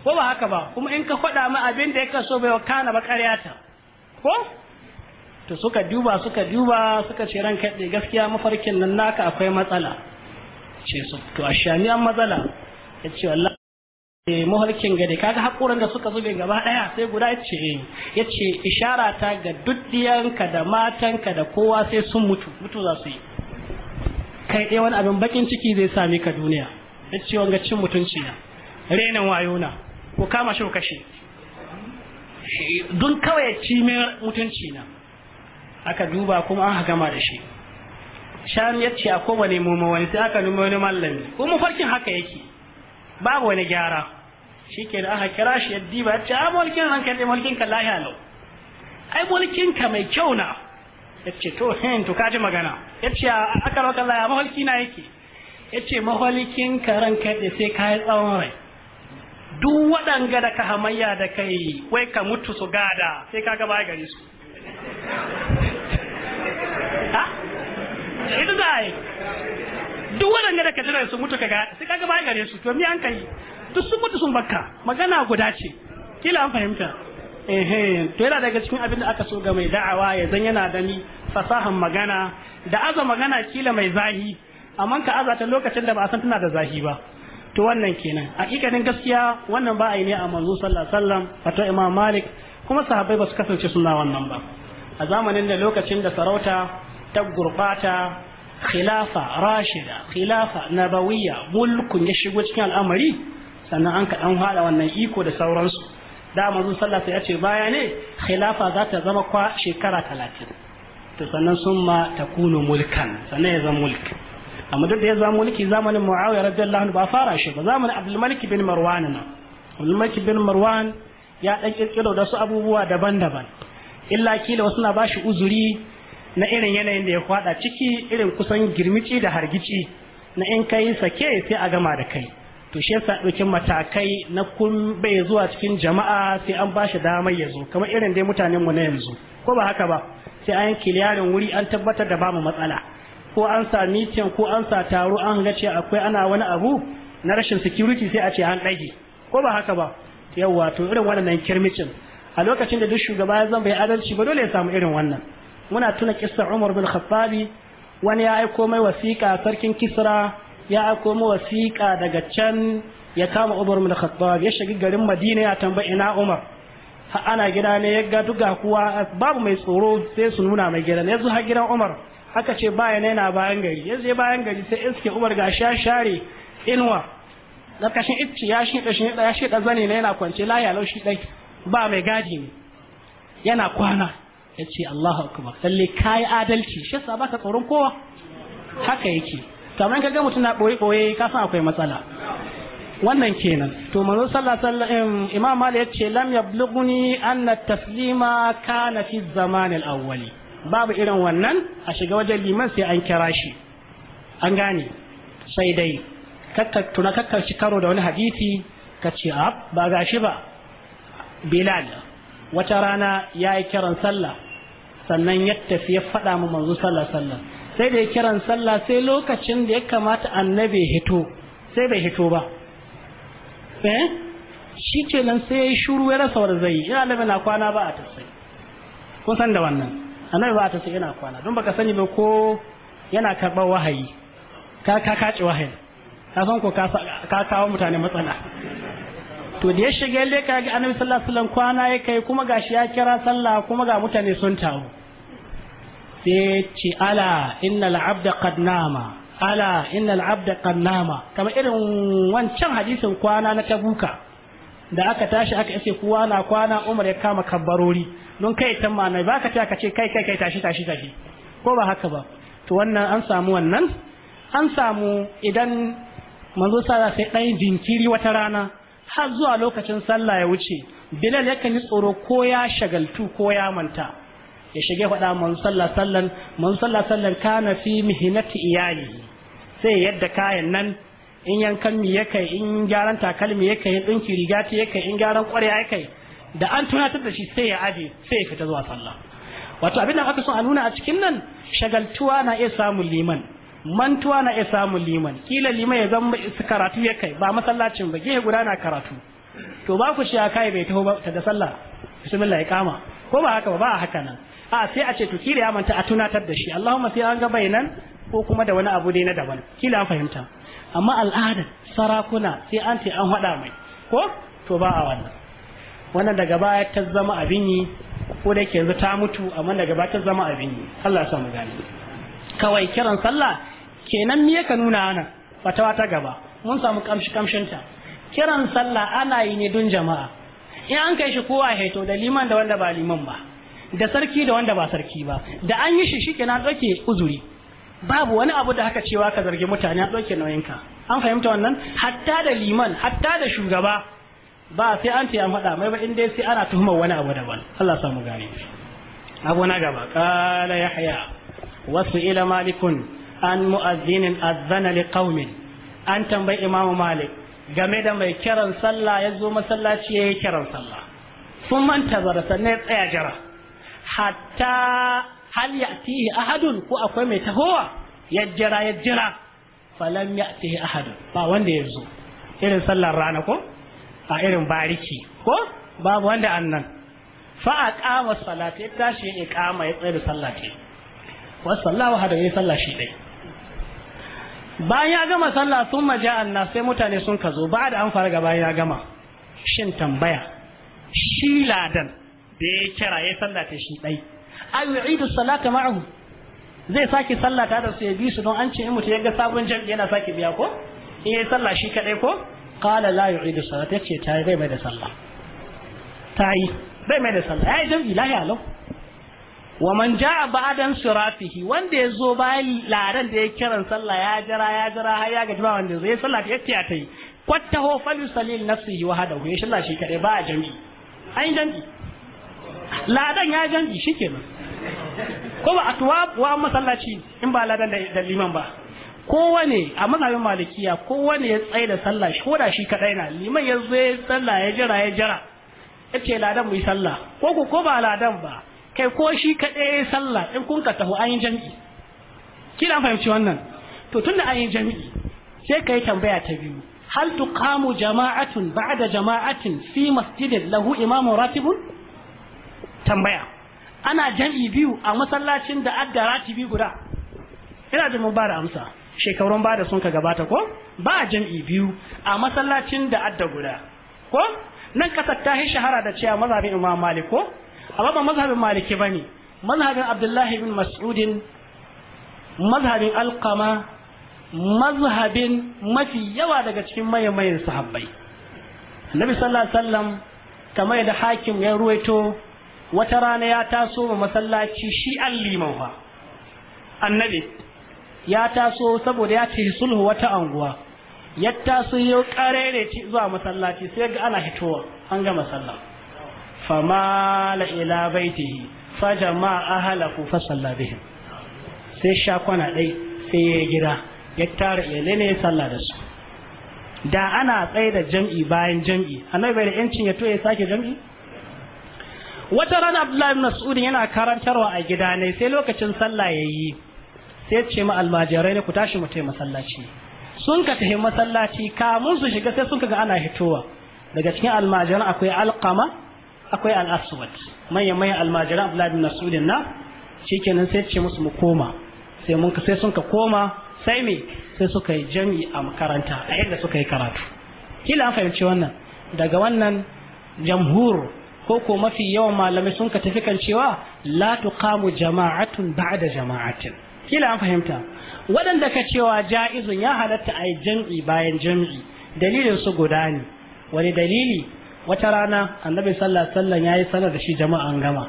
ko ba haka ba kuma in ka faɗa mai abin da ya so bai kana ba karya ta ko to suka duba suka duba suka ce kai gaskiya mafarkin nan naka akwai matsala ce su to a shani an matsala ya ce wallahi eh, mahalkin gade kaga haƙoran da suka zube gaba ɗaya sai guda ya ce eh. ya ce ishara ta ga duddiyanka da matanka da kowa sai sun mutu mutu za su yi kai ɗaya wani abin bakin ciki zai sami ka duniya ya ce wanga cin mutunci na renin wayo na ko kama shi kashe don kawai ci min mutunci na aka duba kuma an gama da shi sham ya ce a koma nemo ma wani sai aka nemo wani mallami ko farkin haka yake babu wani gyara shi ke da aka kira shi yaddi ba ce a mulkin ranka ne mulkin ka lahiya lau ai mulkin ka mai kyau na ya ce to hen to kaji magana ya ce a aka raka laya mahalki na yake ya ce mahalkin ka ranka ne sai ka yi tsawon rai duk waɗanga da ka hamayya da kai wai ka mutu su gada sai ka gaba gari su ita za a yi duk waɗanda da ka jira su mutu kaga sai kaga ba gare su to mi an kai duk sun mutu sun bakka magana guda ce kila an fahimta eh to yana daga cikin abin da aka so ga mai da'awa ya zan yana da ni fasahan magana da aza magana kila mai zahi amma ka aza ta lokacin da ba a san tana da zahi ba to wannan kenan hakikanin gaskiya wannan ba a yi ne a manzo sallallahu alaihi wasallam wato imam malik kuma sahabbai ba su kasance suna wannan ba a zamanin da lokacin da sarauta ta gurɓata khilafa rashida khilafa nabawiyya mulkun ya shigo cikin al'amari sannan an ka dan hada wannan iko da sauransu da manzo sallallahu ya ce baya ne khilafa za ta zama kwa shekara 30 to sannan ta kunu mulkan sannan ya zama mulki amma duk da ya zama mulki zamanin Muawiya radiyallahu anhu ba fara shi ba zamanin Abdul bin Marwan na Abdul bin Marwan ya dan kirkiro da su abubuwa daban-daban illa kila wasu na bashi uzuri na irin yanayin da ya kwada ciki irin kusan girmici da hargici na in kai sake sai a gama da kai to shi yasa ɗaukin matakai na kun bai zuwa cikin jama'a sai an bashi damar ya zo kamar irin dai mutanen mu na yanzu ko ba haka ba sai an kiliyarin wuri an tabbatar da bamu matsala ko an sa meeting ko an sa taro an ga ce akwai ana wani abu na rashin security sai a ce an dage, ko ba haka ba yawwa to irin wannan kirmicin a lokacin da duk shugaba ya zan bai adalci ba dole ya samu irin wannan muna tuna kissa Umar bin Khattabi wani ya aiko mai wasiƙa sarkin Kisra ya aiko mai wasiƙa daga can ya kama Umar bin khattabi ya shiga garin Madina ya tambayi ina Umar ana gida ne ya ga duka kuwa babu mai tsoro sai su nuna mai gidan zo har gidan Umar aka ce baya ne na bayan gari ya je bayan gari sai iske Umar ga sha share inuwa karkashin icci ya shi kashin ya shi zane ne yana kwance lahiya laushi dai ba mai gadi ne yana kwana yace Allahu akbar lalle kai adalci shi yasa baka tsoron kowa haka yake to amma kaga mutum na boye boye ka san akwai matsala wannan kenan to manzo sallallahu alaihi wasallam imam ya yace lam yablughni anna taslima kana fi zaman al babu irin wannan a shiga wajen liman sai an kira shi an gane sai dai kakka tuna kakka shi karo da wani hadisi ka ce a ba shi ba bilal wata rana ya yi kiran sallah sannan ya tafi ya faɗa mu manzo sallah sallah sai da ya kiran sallah sai lokacin da ya kamata annabi ya hito sai bai hito ba eh shi nan sai ya yi shuru ya rasa wanda zai yi ina annabi na kwana ba a tasai kun san da wannan annabi ba a tasai yana kwana don baka sani ba ko yana karɓar wahayi ka ka kace wahayi ka san ko ka kawo mutane matsala to da ya shiga ya ka ga annabi sallallahu alaihi wasallam kwana ya kai kuma gashi ya kira sallah kuma ga mutane sun taru sai ce ala innal abda qad nama ala innal abda qad nama kamar irin wancan hadisin kwana na tabuka da aka tashi aka ce kowa na kwana umar ya kama kabbarori don kai tan ma ba ka ta ka ce kai kai kai tashi tashi tashi ko ba haka ba to wannan an samu wannan an samu idan manzo sallallahu alaihi wasallam sai dan jinkiri wata rana har zuwa lokacin sallah ya wuce bilal yakan yi tsoro ko ya shagaltu ko ya manta ya shige faɗa man sallah sallan man sallah sallan kana fi mihinati iyali sai yadda kayan nan in yankan mi yake in gyaran takalmi yake in dinki riga ta yake in gyaran ƙwarya yake da an tunatar da shi sai ya aje sai ya fita zuwa sallah wato abin da aka so a nuna a cikin nan shagaltuwa na iya samun liman mantuwa na iya samun liman kila liman ya zama karatu ya kai ba masallacin ba gehe guda na karatu to ba ku shi a kai bai taho ba ta da sallah bismillah ya kama ko ba haka ba ba haka nan a sai a ce to kila ya manta a tunatar da shi Allahumma sai an ga nan, ko kuma da wani abu dai na daban kila an fahimta amma al'adar sarakuna sai an ce an haɗa mai ko to ba a wannan wannan daga baya ta zama abin yi ko da yake yanzu ta mutu amma daga baya ta zama abin yi Allah ya sa mu gani kawai kiran sallah kenan me ka nuna ana fatawa ta gaba mun samu kamshi kamshinta kiran sallah ana yi ne don jama'a in an kai shi kowa haito da liman da wanda ba liman ba da sarki da wanda ba sarki ba da an yi shi na doke uzuri babu wani abu da haka cewa ka zargi mutane a doke ka an fahimta wannan hatta da liman hatta da shugaba ba sai an ce an faɗa mai ba in dai sai ana tuhumar wani abu daban Allah samu gane abu na gaba qala yahya wasu ila malikun an mu'azzinin azzana li qaumin an tambayi imamu malik game da mai kiran sallah ya zo masallaci ya yi kiran sallah sun manta zara sannan ya tsaya jira hatta hal ya'tihi ahadun ko akwai mai tahowa ya jira ya jira falam ya'tihi ahadun ba wanda ya zo irin sallar rana ko a irin bariki ko babu wanda annan fa aqama salati tashi ya iqama ya tsaya da sallati wa sallahu hada ya sallah shi dai bayan ya gama sallah sun maja anna sai mutane sun ka zo ba da an fara gaba ya gama shin tambaya shi ladan da ya kira ya sallah ta shi dai ay yu'idu salata ma'ahu zai sake sallah ta da su ya bi su don an ce in mutum ya ga sabon jami'i yana sake biya ko in ya sallah shi kadai ko qala la yu'idu salata yace ta yi bai mai da sallah ta yi bai mai da sallah ai jami'i lahi alau wa man ja'a ba'dan sirafihi wanda ya zo bayan laran da ya kiran sallah ya jira ya jira har ya gaji ba wanda zai sallah ta yatta ta yi kwattaho falu salil nafsihi wa hadahu ya sallah shi kadai ba a jami an jami ladan ya jami shikenan ko ba atwa wa masallaci in ba ladan da liman ba kowane a mazhabin malikiya kowane ya tsaye da sallah shi koda shi kadai na liman ya zo ya sallah ya jira ya jira yace ladan mu yi sallah ko ko ba ladan ba kai ko shi kaɗai sallah in kun ka taho an yi jami'i na fahimci wannan to da an yi jami'i sai ka yi tambaya ta biyu hal kamu jama'atun da jama'atin fi masjidin lahu imamu ratibun tambaya ana jami'i biyu a masallacin da adda ratibi guda ina da mun ba da amsa shekarun ba da sun ka gabata ko ba jam'i biyu a masallacin da adda guda ko nan kasar ta yi shahara da cewa mazhabin imam malik ko amma ba mazhabin maliki ne mazhabin abdullahi bin mas'udin mazhabin alkama mazhabin mafi yawa daga cikin mayan sahabbai nabi sallallahu alaihi wasallam kamar da hakim ya ruwaito wata rana ya taso ma masallaci shi an liman fa annabi ya taso saboda ya ce sulhu wata anguwa ya taso yau karere zuwa masallaci sai ga ana hitowa an ga masallaci famala ila baitihi fajama ahlahu fa salla bihim sai sha dai sai ya gida ya tara ya ne salla da su da ana tsaye da jam'i bayan jam'i annabi bai da yancin ya to ya sake jam'i wata rana abdullahi ibn mas'ud yana karantarwa a gida ne sai lokacin sallah yayi sai ce ma almajirai ne ku tashi mu taimaka masallaci sun ka tafi masallaci kamun su shiga sai sun ga ana hitowa daga cikin almajiran akwai alqama akwai al manyan manyan almajiran abdullahi bin mas'ud na shikenan sai ce musu mu koma sai mun sai sun ka koma sai me sai suka yi jami'i a makaranta a yadda suka yi karatu kila an fahimci wannan daga wannan jamhur ko ko mafi yawan malamai sun ka tafi kan cewa la tuqamu jama'atun ba'da jama'atin kila an fahimta waɗanda ka cewa ja'izun ya halatta a yi jam'i bayan jam'i dalilin su guda ne wani dalili wata rana annabi sallallahu alaihi wasallam yayi sallar da shi jama'an gama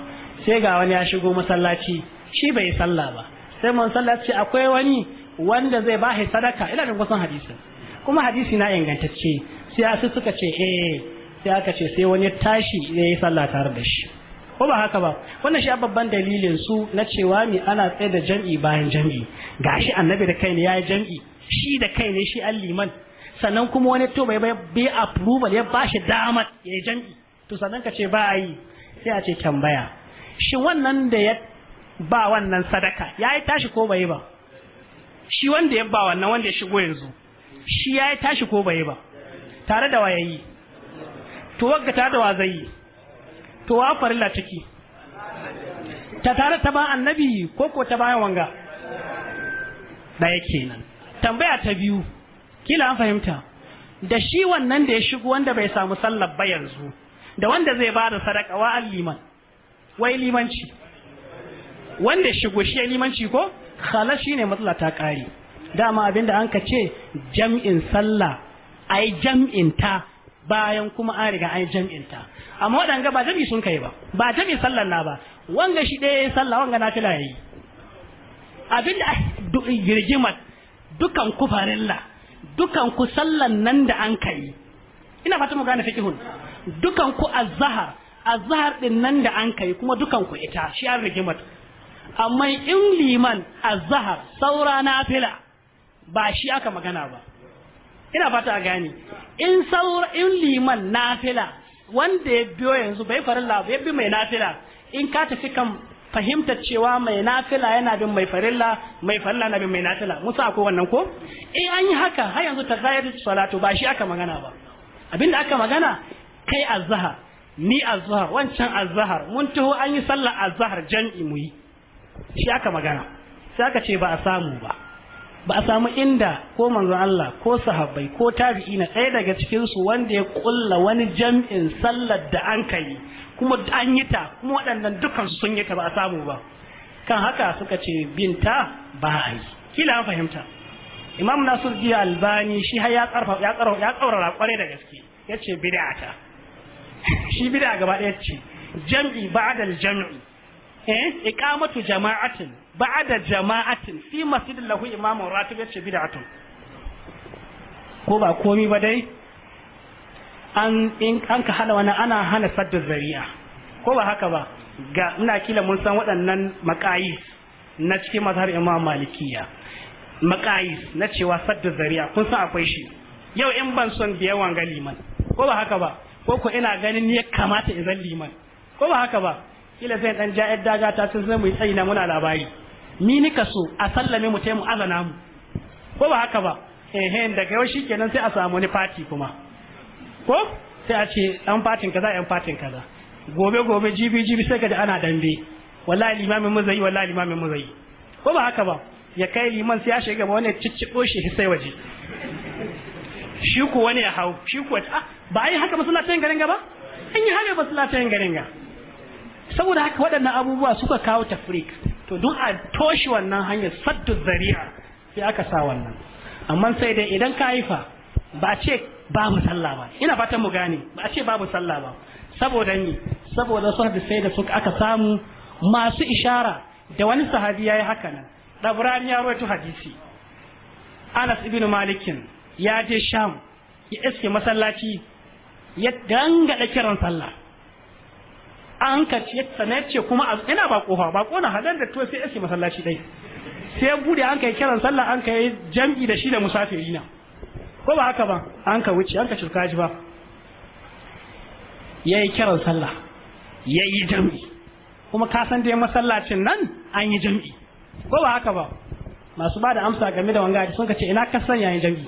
sai ga wani ya shigo masallaci shi bai sallah ba sai mun sallaci akwai wani wanda zai ba shi sadaka ina da kusan hadisi. kuma hadisi na ingantacce sai su suka ce eh sai aka ce sai wani tashi yayi sallah tare da shi ko ba haka ba wannan shi babban dalilin su na cewa mi ana tsaye da jam'i bayan jam'i gashi annabi da kai ne yayi jam'i shi da kai ne shi alliman sannan kuma wani to bai bai approval ya ba shi dama ya yi jam'i to sannan ka ce ba a yi sai a ce tambaya shi wannan da ya ba wannan sadaka ya yi tashi ko bai ba shi wanda ya ba wannan wanda ya shigo yanzu shi ya yi tashi ko bai ba tare da yi? to wagga ta da yi? to wa farilla ciki ta tare ta ba annabi ko ko ta bayan wanga da yake nan tambaya ta biyu kila an fahimta da shi wannan da ya shigo wanda bai samu sallar ba yanzu da wanda zai ba da sadaka wa liman wai limanci wanda shigo shi ya limanci ko khala shi ne matsala ta kare dama abinda an ka ce jam'in sallah ai jam'in ta bayan kuma an riga an jam'in ta amma waɗanga ba jam'i sun kai ba ba jam'in sallar na ba wanga shi ɗaya sallah wanga na fila yayi abinda girgimar dukan kufarin Allah dukan ku sallan nan da an kai ina fata mu gane fiqhun dukan ku azhar azhar din nan da an kai kuma dukan ku ita shi an mata amma in liman azhar saura nafila ba shi aka magana ba ina fata a gane in saura in liman nafila wanda ya biyo yanzu bai farilla labu, ya bi mai nafila in ka tafi kan fahimtar cewa mai nafila yana bin mai farilla mai farilla na bin mai nafila musa akwai wannan ko eh an yi haka har yanzu ta zayar salatu ba shi aka magana ba abinda aka magana kai azhar ni azhar wancan azhar mun taho an yi sallar azhar jan'i mu yi shi aka magana sai aka ce ba a samu ba ba a samu inda ko manzon Allah ko sahabbai ko tabi'i na ɗaya daga cikin su wanda ya kulla wani jam'in sallar da an kai kuma an yi ta kuma waɗannan dukkan sun yi ta ba a samu ba kan haka suka ce binta ba a yi kila an fahimta imam nasir jiya albani shi har ya karfa ya karfa ya kaurara kware da gaske yace bid'ata shi bid'a gaba daya ce jam'i ba'da al-jam'i eh iqamatu jama'atin ba'da jama'atin fi masjidin lahu imamun ratib yace bid'atun ko ba komi ba dai an in an ka hada wani ana hana sadda zari'a ko ba haka ba ga ina kila mun san waɗannan makayis na cikin mazhar imam malikiya makayis na cewa sadda zari'a kun san akwai shi yau in ban son da yawan ga liman ko ba haka ba ko ko ina ganin ya kamata in zan liman ko ba haka ba kila zai dan ja'ar daga ta sun zai mu tsayi na muna labari ni nika so a sallame mu taimu azana mu ko ba haka ba ehe daga yau shikenan sai a samu ni fati kuma ko sai a ce ɗan fatin kaza ɗan fatin kaza gobe gobe jibi jibi sai ka da ana dambe wallahi limamin mu zai wallahi limamin mu zai ko ba haka ba ya kai liman sai ya shiga gaba wani cicciɓo shi sai waje shi ko wani ya hau shi ko ah ba a yi haka masallacin garin ga ba an yi haka masallacin garin ga saboda haka waɗannan abubuwa suka kawo tafrik to don a toshe wannan hanyar saddu zari'a sai aka sa wannan amma sai dai idan ka haifa ba ce babu sallah ba ina fatan mu gane ba a ce babu sallah ba saboda ni saboda su sai da suka aka samu masu ishara da wani sahabi yayi haka nan dabrani ya rawaito hadisi Anas ibn Malik ya je Sham ya iske masallaci ya da kiran sallah an ka ce sanar ce kuma ina ba kofa ba kona hadan da to sai iske masallaci dai sai bude an kai kiran sallah an kai jam'i da shi da musafirina ko ba haka ba an ka wuce an ka cika shi ba ya yi kiran sallah ya yi jam'i kuma ka san dai masallacin nan an yi jam'i ko ba haka ba masu ba da amsa game da wanga sun ka ce ina ka sanya yin jam'i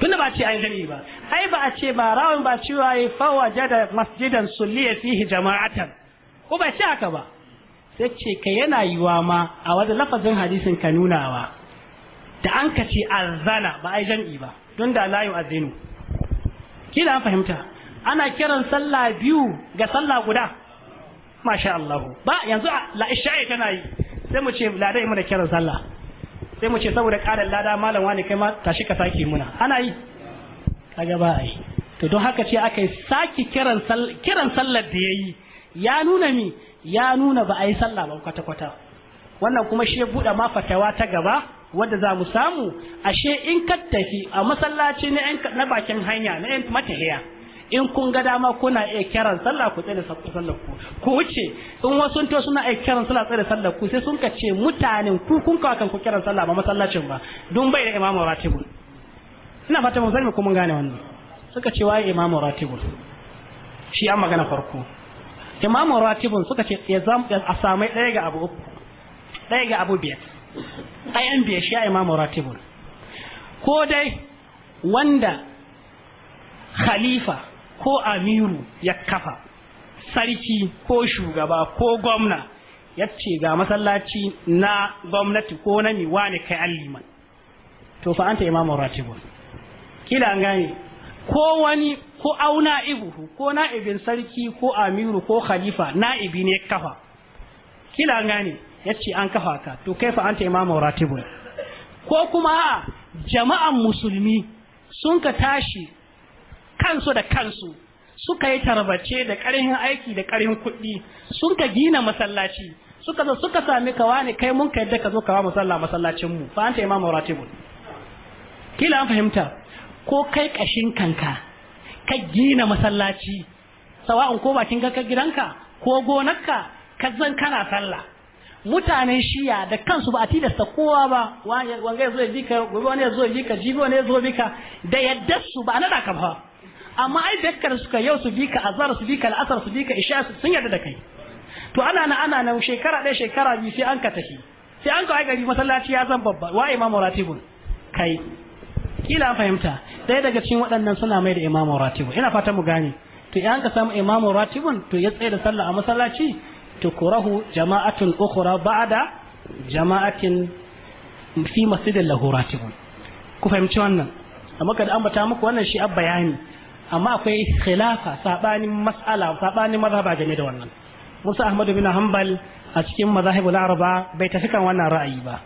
da ba ce an jam'i ba ai ba a ce ba rawun ba cewa ya fawa jada masjidan sulliya fihi jama'atan ko ba shi haka ba sai ce ka yana yiwa ma a wajen lafazin hadisin ka nunawa da an ka ce azana ba yi jam'i ba don da layu Zinu ki kila an fahimta ana kiran sallah biyu ga sallah guda masha Allah ba yanzu a la'isha'i tana yi sai mu ce la yi muna kiran sallah sai mu ce saboda karin lada malam wani kai ma tashi ka sake muna ana yi kaga ba yi. to don haka ce aka yi sake kiran kiran sallar da yayi ya nuna mi ya nuna ba a yi sallah ba kwata kwata wannan kuma shi ya buɗe ma fatawa ta gaba wadda za mu samu ashe in ka tafi a masallaci na na bakin hanya na yan matahiya in kun ga dama kuna iya kiran sallah ku tsaye da sallah ku ku wuce in wasu to suna iya kiran sallah tsaye da sallah ku sai sun ka ce mutanen ku kun ka kan ku kiran sallah ba masallacin ba don bai da imamu ratibul ina fata mun sani ko mun gane wannan suka ce waye imamu ratibul shi an magana farko imamu ratibul suka ce ya a samai daya ga abu uku ga abu biyar ai an biya shi ya imamu ratibun ko dai wanda khalifa ko amiru ya kafa sarki ko shugaba ko gwamna ya ce ga masallaci na gwamnati ko na miwa ne kai alliman to fa anta imamu ratibun kila an gane ko wani ko auna ibuhu ko na ibin sarki ko amiru ko khalifa na ibi ne kafa kila an gane yace an kafa ka to kaifa anta imamu ratibun ko kuma jama'an musulmi sun ka tashi kansu da kansu suka yi tarbace da ƙarhin aiki da ƙarhin kuɗi sun ka gina masallaci suka zo suka sami kawa ne kai mun ka yadda ka zo kawa musalla masallacin mu fa anta imamu ratibun kila an fahimta ko kai kashin kanka ka gina masallaci sawa'un ko bakin ka gidanka ko gonarka ka zan kana sallah mutanen shiya da kansu ba a tilasta kowa ba wanga ya zo ya bika gobe wani ya zo ya bika jibi wani ya zo ya bika da yadda su ba na ka ba amma ai dakkar ka yau su bika azhar su bika al'asar su bika isha sun yarda da kai to ana na ana nan shekara ɗaya shekara biyu sai an ka tafi sai an kawai gari masallaci ya zan babba wa imamu ratibun kai kila fahimta ɗaya daga cikin waɗannan suna mai da imamu ratibun ina fatan mu gane to in ka samu imamu ratibun to ya tsaye da sallah a masallaci tukrahu jama'atun ukhra ba'da jama'atin fi masjidil lahu ratibun ku fahimci wannan amma kada ambata muku wannan shi abba bayani amma akwai khilafa sabanin mas'ala sabanin mazhaba game da wannan Musa Ahmadu bin Hambal a cikin mazahibul arba bai tafi kan wannan ra'ayi ba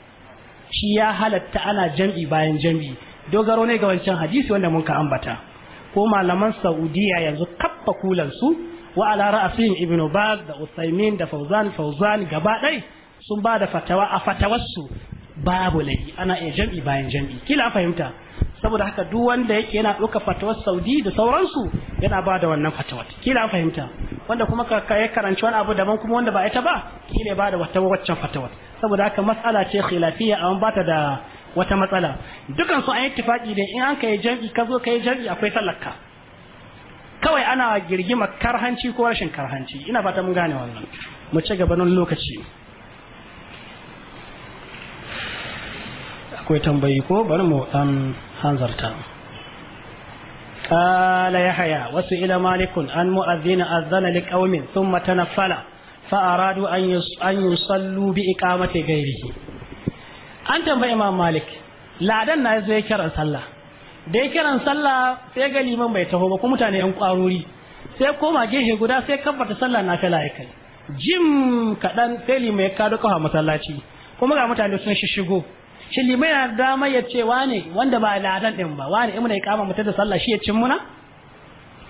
shi ya halatta ana jam'i bayan jam'i dogaro ne ga wancan hadisi wanda mun ka ambata ko malaman Saudiyya yanzu kappa kulan su wa ala ra'sin ibnu baz da usaimin da fauzan fauzan gaba ɗai sun ba da fatawa a fatawarsu babu laifi ana iya jam'i bayan jam'i kila fahimta saboda haka duk wanda yake yana ɗauka fatawar saudi da sauransu yana ba da wannan fatawar kila fahimta wanda kuma ka ya karanci wani abu daban kuma wanda ba ita ba kila ba da wata waccan fatawar saboda haka matsala ce khilafiyya a ba ta da wata matsala dukan su an yi tifaki ne in an kai jam'i ka zo kai jam'i akwai sallarka kawai ana girgima karhanci ko rashin karhanci ina fata mun gane wannan mu ci gaba nan lokaci akwai tambayi ko bari mu dan hanzarta قال يحيى وسئل مالك عن مؤذن أذن لقوم ثم تنفل فأرادوا أن يصلوا بإقامة غيره أنت ما إمام مالك لا دنا يزوي كرا صلاه da ya kiran sallah sai ga liman bai taho ba ko mutane yan kwarori sai koma gehe guda sai kabbata sallah na fila ya jim kaɗan sai liman ya kado kafa masallaci kuma ga mutane sun shishigo shi liman yana dama ya ce wane wanda ba ladan din ba wane imuna ya kama mutar da sallah shi ya cin muna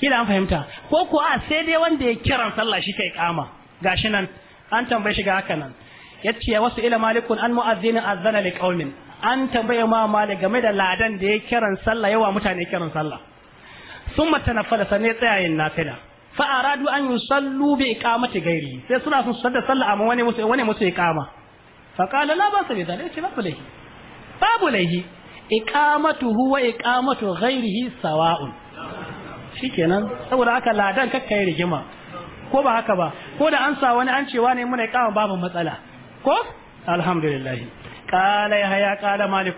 kila an fahimta ko ko a sai dai wanda ya kiran sallah shi kai kama gashi nan an tambaye shi ga haka nan yace wasu ila malikun an mu'azzinin azzana liqaumin an tambaye ma malik game da ladan da ya kiran sallah yawa mutane kiran sallah sun matanafala sanai tsayayin nafila fa aradu an yusallu bi iqamati gairi sai suna sun sada sallah amma wani musu wani musu iqama fa qala la ba sabi dalil ce babu laihi babu laihi iqamatuhu huwa iqamatu ghairihi sawa'un shikenan saboda haka ladan kakkai rigima ko ba haka ba ko da an sa wani an ce wani muna iqama babu matsala ko alhamdulillah قال يحيى قال مالك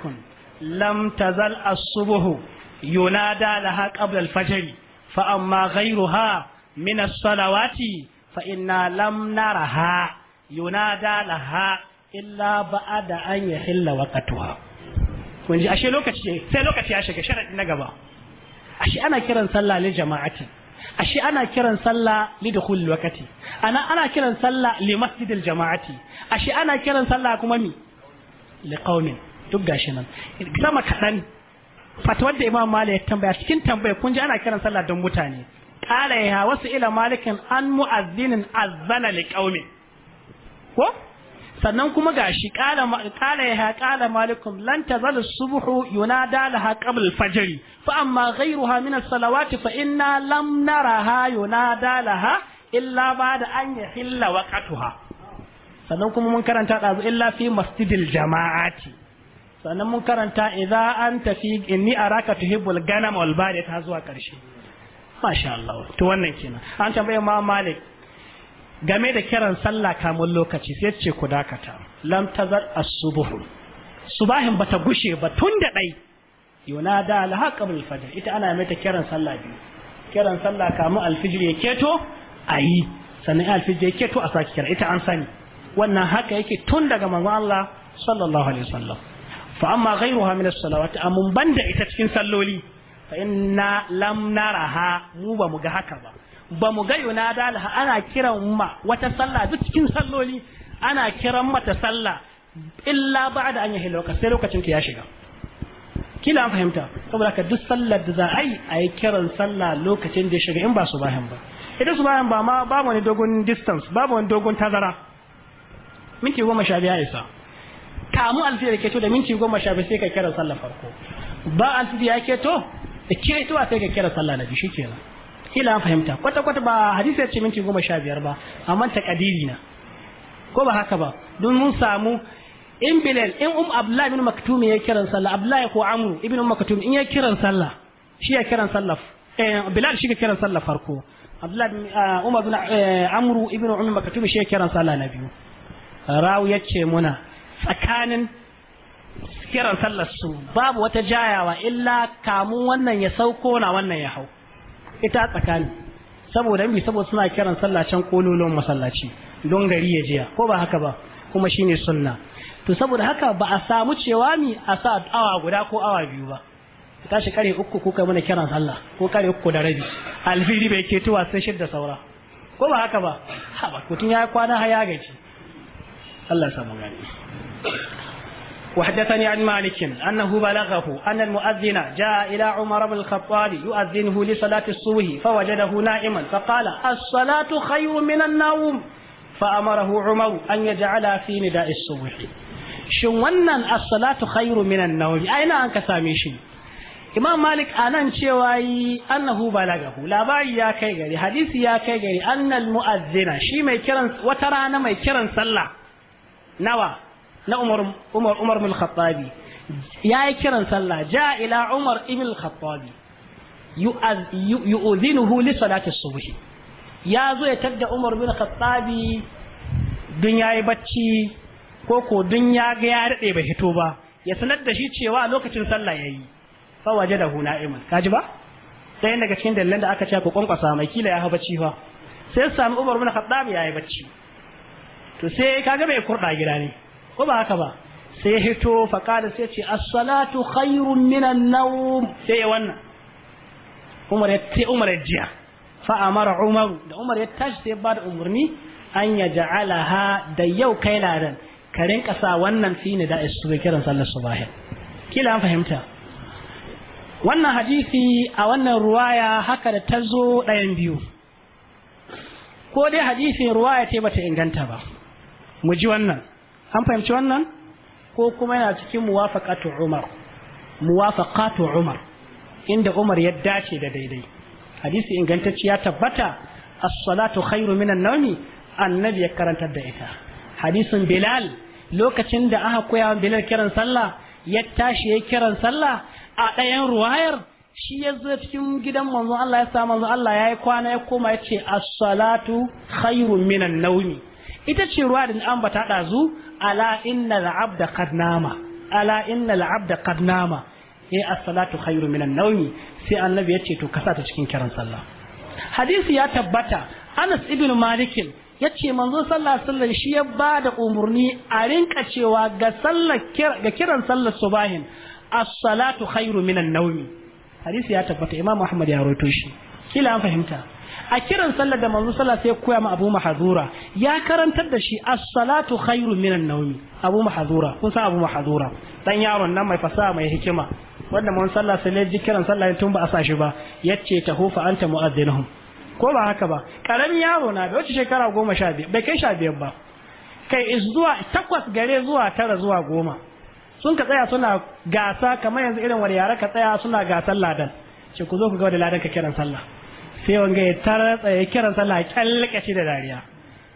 لم تزل الصبح ينادى لها قبل الفجر فأما غيرها من الصلوات فإنا لم نرها ينادى لها إلا بعد أن يحل وقتها kun ji ashe lokaci sai lokaci ya shiga sharadi na gaba ashe ana kiran sallah li jama'ati ashe ana kiran sallah li dukhul waqti ana ana kiran sallah li masjidil jama'ati ashe ana kiran sallah kuma mi liqaumin duk gashi nan sama kaɗan fatawar da imam malik ya tambaya cikin tambaya kun ji ana kiran sallah don mutane qala ya wasu ila malikin an mu'azzinin azzana liqaumin ko sannan kuma gashi qala qala ya qala malikum lan tazal subhu yunada laha qabla al-fajr fa amma ghayruha min as-salawati fa inna lam naraha yunada laha illa ba'da an yahilla waqtuha sannan kuma mun karanta ɗazu illa fi masjidil jama'ati sannan mun karanta idza an tafi inni araka tuhibbul ganam wal bari ta zuwa ƙarshe masha Allah to wannan kenan an tambaye ma Malik game da kiran sallah kamun lokaci sai ce ku dakata lam tazar as-subh subahin bata gushe ba tun da dai yunada al-haqq bil fajr ita ana mai ta kiran sallah biyu kiran sallah kamun al-fajr ya keto ayi sannan al-fajr ya keto a saki kira ita an sani wannan haka yake tun daga manzon Allah sallallahu alaihi wasallam fa amma ghayruha min as-salawati amun banda ita cikin salloli fa inna lam naraha mu ba mu ga haka ba ba mu ga yunada laha ana kiran ma wata salla duk cikin salloli ana kiran mata salla, illa ba'da an yahil lokaci sai lokacin ya shiga kila an fahimta saboda ka duk sallar da za a yi a kiran sallah lokacin da ya shiga in ba su bayan ba idan su bayan ba ma babu wani dogon distance babu wani dogon tazara minti goma sha biya isa kamu da keto da minti goma sha biyu sai ka kira sallah farko ba alfi ya keto da kiritowa sai ka kira sallah na biyu shikenan kila fahimta kwata kwata ba hadisi ya ce minti goma sha biyar ba amma kadiri na ko ba haka ba don mun samu in bilal in um abdullahi ibn maktum ya kiran sallah abdullahi ko amru ibn umm maktum in ya kiran sallah shi ya kiran sallah eh bilal shi ya kiran sallah farko abdullahi eh, umar bin eh, amru ibn um maktum shi ya kiran sallah na biyu rawu ya ce muna tsakanin kiran sallar su babu wata jayawa illa kamun wannan ya sauko na wannan ya hau ita tsakani saboda mi saboda suna kiran sallah can kololon masallaci don gari ya jiya ko ba haka ba kuma shine sunna to saboda haka ba a samu cewa mi a sa awa guda ko awa biyu ba tashi kare uku ko kai mana kiran sallah ko kare uku da rabi alfiri bai ke tuwa sai shidda saura ko ba haka ba ha ba kutun ya kwana haya gaji الله سبحانه وتعالى وحدثني عن مالك أنه بلغه أن المؤذن جاء إلى عمر بن الخطاب يؤذنه لصلاة الصبح فوجده نائما فقال الصلاة خير من النوم فأمره عمر أن يجعلها في نداء الصبح شوانا الصلاة خير من النوم أين أنك شيء إمام مالك أنا نشيوي أنه بلغه لا باي يا كيغري حديث يا كيغري أن المؤذن شي ميكرن وترانا ميكرن صلى الله nawa na Umar Umar Umar bin ya yi kiran sallah ja ila Umar ibn Khattabi yu'adhinuhu li salati subh ya zo ya tadda Umar bin Khattabi dun yayi bacci ko ko dun ya ga ya rade bai hito ba ya sanar da shi cewa lokacin sallah yayi fa wajadahu na'iman kaji ba sai daga cikin dalilan da aka ce ku kwankwasa mai kila ya ha bacci fa sai sami Umar bin Khattab yayi bacci to sai kaga bai kurɗa gida ne ko ba haka ba sai hito faqala sai ce as-salatu khairun minan nawm sai ya wannan Umar ya ce Umar ya jiya fa amara Umar da Umar ya tashi sai ba da umurni an ya ja'alaha da yau kai ladan ka rinka sa wannan fi ne da isu kiran sallar subahi kila an fahimta wannan hadisi a wannan ruwaya haka da ta zo ɗayan biyu ko dai hadisin ruwaya ce bata inganta ba mu ji wannan an fahimci wannan ko kuma yana cikin muwafaqatu umar muwafaqatu umar inda umar ya dace da daidai hadisi ingantacci ya tabbata as-salatu khairu minan nawmi annabi ya karanta da ita hadisin bilal lokacin da aka koya wa bilal kiran sallah ya tashi ya kiran sallah a ɗayan ruwayar shi ya zo cikin gidan manzo, Allah ya sa manzo, Allah ya yi kwana ya koma ya ce as-salatu khairu minan nawmi ita ce ruwa da ambata dazu ala inna abda qad nama ala inna abda qad nama eh as-salatu khairu minan nawmi sai annabi ya ce to kasa ta cikin kiran sallah hadisi ya tabbata Anas ibn Malik yace manzo sallallahu alaihi wasallam shi ya ba da umurni a rinka cewa ga sallar ga kiran sallar subahin as-salatu khairu minan nawmi hadisi ya tabbata Imam Ahmad ya rawaito shi kila an fahimta a kiran sallar da manzo sallah sai koya ma Abu Mahzura ya karantar da shi as-salatu khairu minan nawmi Abu Mahzura kun san Abu Mahzura dan yaron nan mai fasaha mai hikima wanda mun sallah sai ji kiran sallah tun ba a sa shi ba yace tahu fa anta mu'adhdhinuhum ko ba haka ba karamin yaro na da wace shekara goma sha biyar bai kai sha biyar ba kai zuwa takwas gare zuwa tara zuwa goma sun ka tsaya suna gasa kamar yanzu irin wani yara ka tsaya suna gasar ladan ce ku zo ku ga da ladan ka kiran sallah sai wanga ya taratsa ya kiran sallah a shi da dariya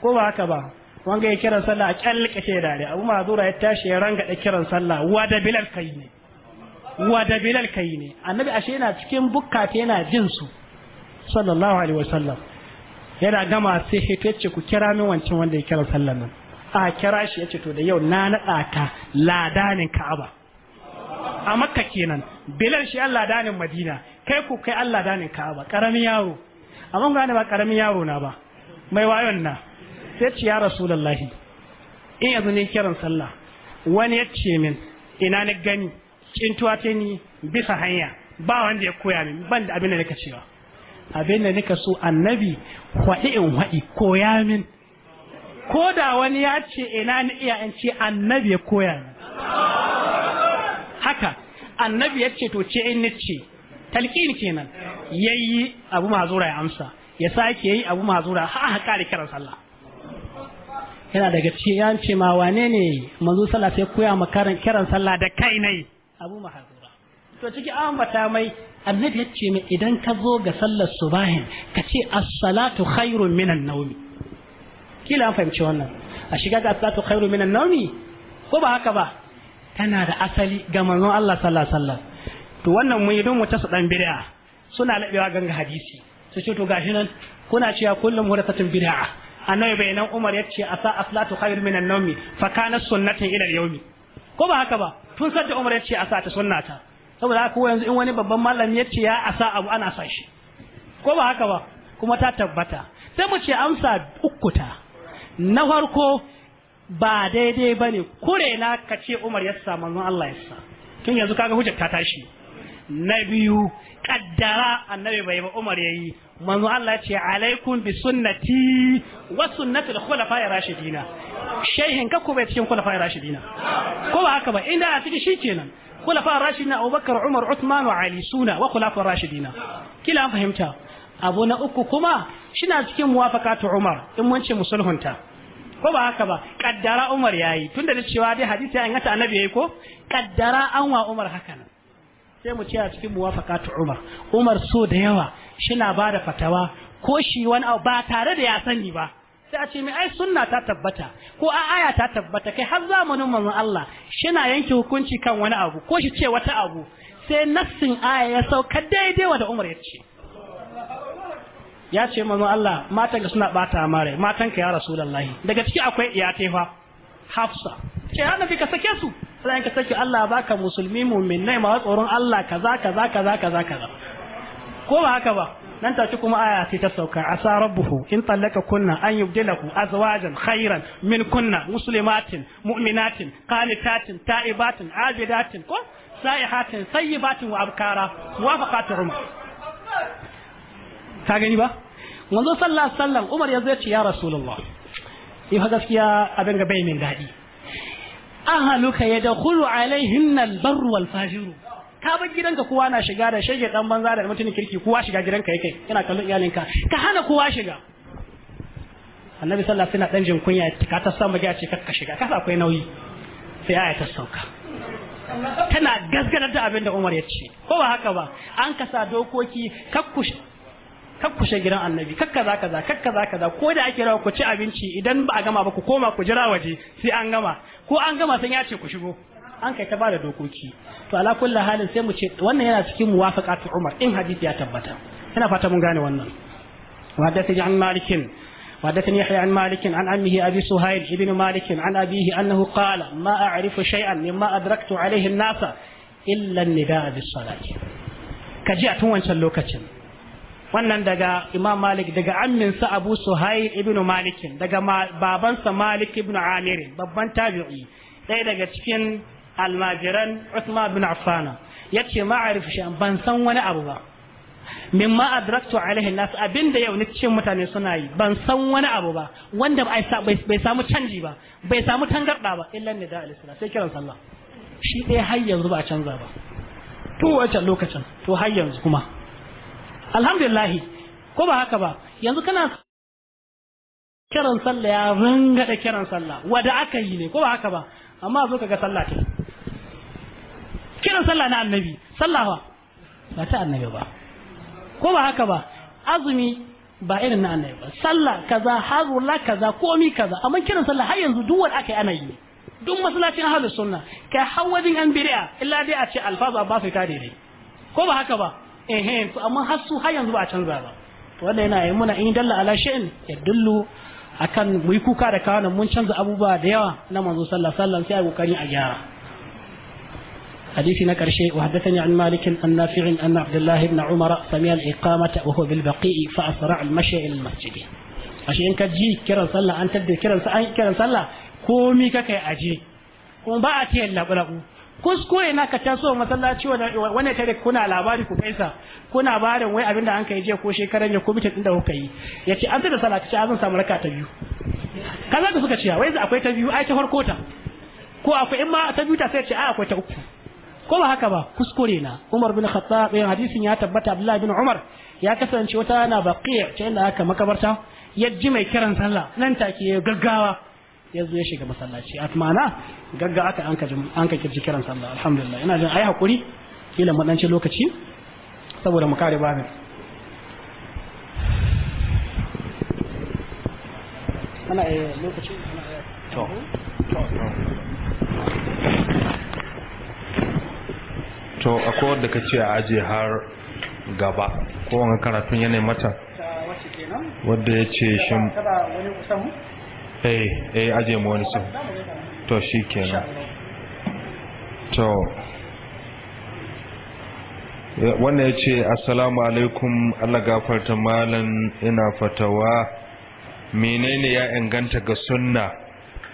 ko ba haka ba wanga ya kiran sallah a shi da dariya abu mazura ya tashi ya ranga da kiran sallah wa da bilal kai ne wa da bilal kai ne annabi ashe yana cikin bukkata yana jin su sallallahu alaihi wasallam yana gama sai hito yace ku kira min wancan wanda ya kira Sallah nan a kira shi yace to da yau na naɗa ka ladanin Ka'aba a Makka kenan Bilal shi Allah ladanin Madina kai ku kai Allah da ne ba karamin yaro amma gane ba karamin yaro na ba mai wayon na sai ce ya lallahi. in yanzu ne kiran sallah wani ya ce min ina na gani cintuwa ta ni bisa hanya ba wanda ya koya min ban da abin da nika cewa abin da nika so annabi waɗi in waɗi koya min ko da wani ya ce ina ni iya in ce annabi ya koya min haka annabi ya ce to ce in ni ce talqin kenan yayi abu mazura ya amsa ya sake yayi abu mazura ha ha kare kiran sallah yana daga ce ya ce ma wane ne manzo sallah sai koya ma karan kiran sallah da kai ne abu mahazura to ciki an bata mai annabi yace mai idan ka zo ga sallar subahin ka ce as-salatu khairun minan nawmi kila an fahimci wannan a shiga ga as-salatu khairun minan nawmi ko ba haka ba tana da asali ga manzon Allah sallallahu alaihi wasallam to wannan mun yi don wata su dan bid'a suna labewa ganga hadisi su ce to gashi nan kuna cewa kullum hudathatun bid'a annabi bai nan Umar ya ce asa aslatu khairun minan nawmi fa kana sunnatan ila al-yawmi ko ba haka ba tun sadda Umar ya ce asa ta sunnata saboda haka yanzu in wani babban malami ya ce ya asa abu ana sa shi ko ba haka ba kuma ta tabbata sai mu ce amsa ukkuta na farko ba daidai ba ne kure na ka ce umar ya samu Allah ya sa tun yanzu kaga hujjar ta tashi na biyu kaddara annabi bai ba Umar yayi manzo Allah ya ce alaikum bi sunnati wa sunnati al-khulafa'ir rashidina shehin ka ko bai cikin khulafa'ir rashidina ko ba haka ba inda a cikin shikenan khulafa'ir rashidina Abubakar Umar Uthman wa Ali suna wa khulafa'ir rashidina kila an fahimta abu na uku kuma shina cikin muwafaqatu Umar in mun ce musulhunta ko ba haka ba kaddara Umar yayi tunda da cewa dai hadisi an gata annabi yayi ko kaddara an wa Umar haka nan sai mu ce a cikin muwafaqatu Umar Umar so da yawa shina ba da fatawa ko shi wani abu ba tare da ya sani ba sai a ce mai ai sunna ta tabbata ko a aya ta tabbata kai har zamanin manzon Allah shina yanke hukunci kan wani abu ko shi ce wata abu sai nassin aya ya sauka daidai wa da Umar ya ce ya ce manzon Allah matan ka suna bata mare matan ka ya rasulullahi daga ciki akwai iyatai fa Hafsa ce annabi ka sake su sai ka saki Allah baka musulmi mu'min nai ma tsoron Allah kaza kaza kaza kaza kaza ko ba haka ba nan ta ci kuma aya sai ta sauka asa rabbuhu in tallaka kunna an yubdilahu azwajan khairan min kunna muslimatin mu'minatin qanitatin ta'ibatin abidatin ko sa'ihatin sayyibatin wa abkara wafaqat umar ka gani ba manzo sallallahu alaihi wasallam umar yazo ya ce ya rasulullah in gaskiya abin ga bai min daɗi. ahaluka yadkhulu alaihinna albar wal fajiru ka bar gidanka kowa na shiga da shege dan banza da mutumin kirki kowa shiga gidanka yake kana kallon iyalinka ka hana kowa shiga annabi sallallahu alaihi wasallam dan jin kunya ka ta samu ga ce ka shiga kasa akwai nauyi sai aya ta sauka tana gaskata da abin da Umar ya ce ko ba haka ba an kasa dokoki kakkush kakkushe gidan annabi kakka za kaza kakka za kaza ko da ake rawa ku ci abinci idan ba a gama ba ku koma ku jira waje sai an gama ko an gama sun ya ce ku shigo an kai ta bada dokoki to ala kullu halin sai mu ce wannan yana cikin muwafaqatu umar in hadisi ya tabbata ina fata mun gane wannan wa an malikin an malikin ammihi abi suhayl ibn malikin an abihi annahu qala ma a'rifu shay'an mimma adraktu alayhi an-nasa illa an-nida' kaji a tun wancan lokacin wannan daga imam malik daga amminsa abu suhai ibnu malikin daga babansa malik ibnu amir babban tabi'i ɗaya daga cikin almajiran usman bin affana yace ma'arif shi ban san wani abu ba mimma adraktu alaihi nas abinda yau ni mutane suna yi ban san wani abu ba wanda bai samu canji ba bai samu tangarda ba illa da alisra sai kiran sallah shi ɗaya har yanzu ba a canza ba to wancan lokacin to har yanzu kuma alhamdulillah ko ba haka ba yanzu kana kiran sallah ya rangada kiran sallah wadda aka yi ne ko ba haka ba amma zo kaga sallah ta kiran sallah na annabi sallah ba ta annabi ba ko ba haka ba azumi ba irin na annabi ba sallah kaza hazulla kaza komi kaza amma kiran sallah har yanzu duk wanda aka yi ana yi duk masallacin ahlus sunna kai hawadin an bid'a illa dai a ce alfazu abbas ka daidai ko ba haka ba eh to amma har su har yanzu ba a canza ba to wanda yana yi muna in dalla ala in ya dillu akan mu yi kuka da kawanan mun canza abubuwa da yawa na manzo sallah sallan sai a kokari a gyara حديثنا كرشي وحدثني عن مالك عن نافع أن عبد الله بن عمر سمع الإقامة وهو بالبقيء فأسرع المشي إلى المسجد ashe in ka ji kiran sallah an tadda kiran sa an kiran sallah komi kaka yi kuma ba a tiyan labu labu kuskure na ka taso masallaci wani tare kuna labari ku kaisa kuna barin wai abinda an kai jiya ko shekaran ya komite din da kuka yi yace an tada salati ce azan ah, samu raka ta biyu kaza da suka ce wai za akwai ta biyu ai ta farko ta ko akwai in ma ta biyu ta sai ce ai ah, akwai ta uku ko ba haka ba kuskure na Umar bin Khattab yan eh, hadisin ya tabbata Abdullah bin Umar ya kasance wata na baqiya ce inda aka makabarta ya ji mai kiran sallah nan take gaggawa ya zo ya shiga masallaci at ma'ana gagga aka an ka kirji kiran sallah alhamdulillah ina jin ai hakuri kila mu dan lokaci saboda mu kare babin ana eh lokaci ana eh, to to to akwai wanda ka ce a aje har gaba ko wani karatun yanayi mata wadda ya ce shi eh eh aje mu wani su to shikenan to wannan ya ce assalamu alaikum allah gafarta malam ina fatawa menene ya inganta ga sunna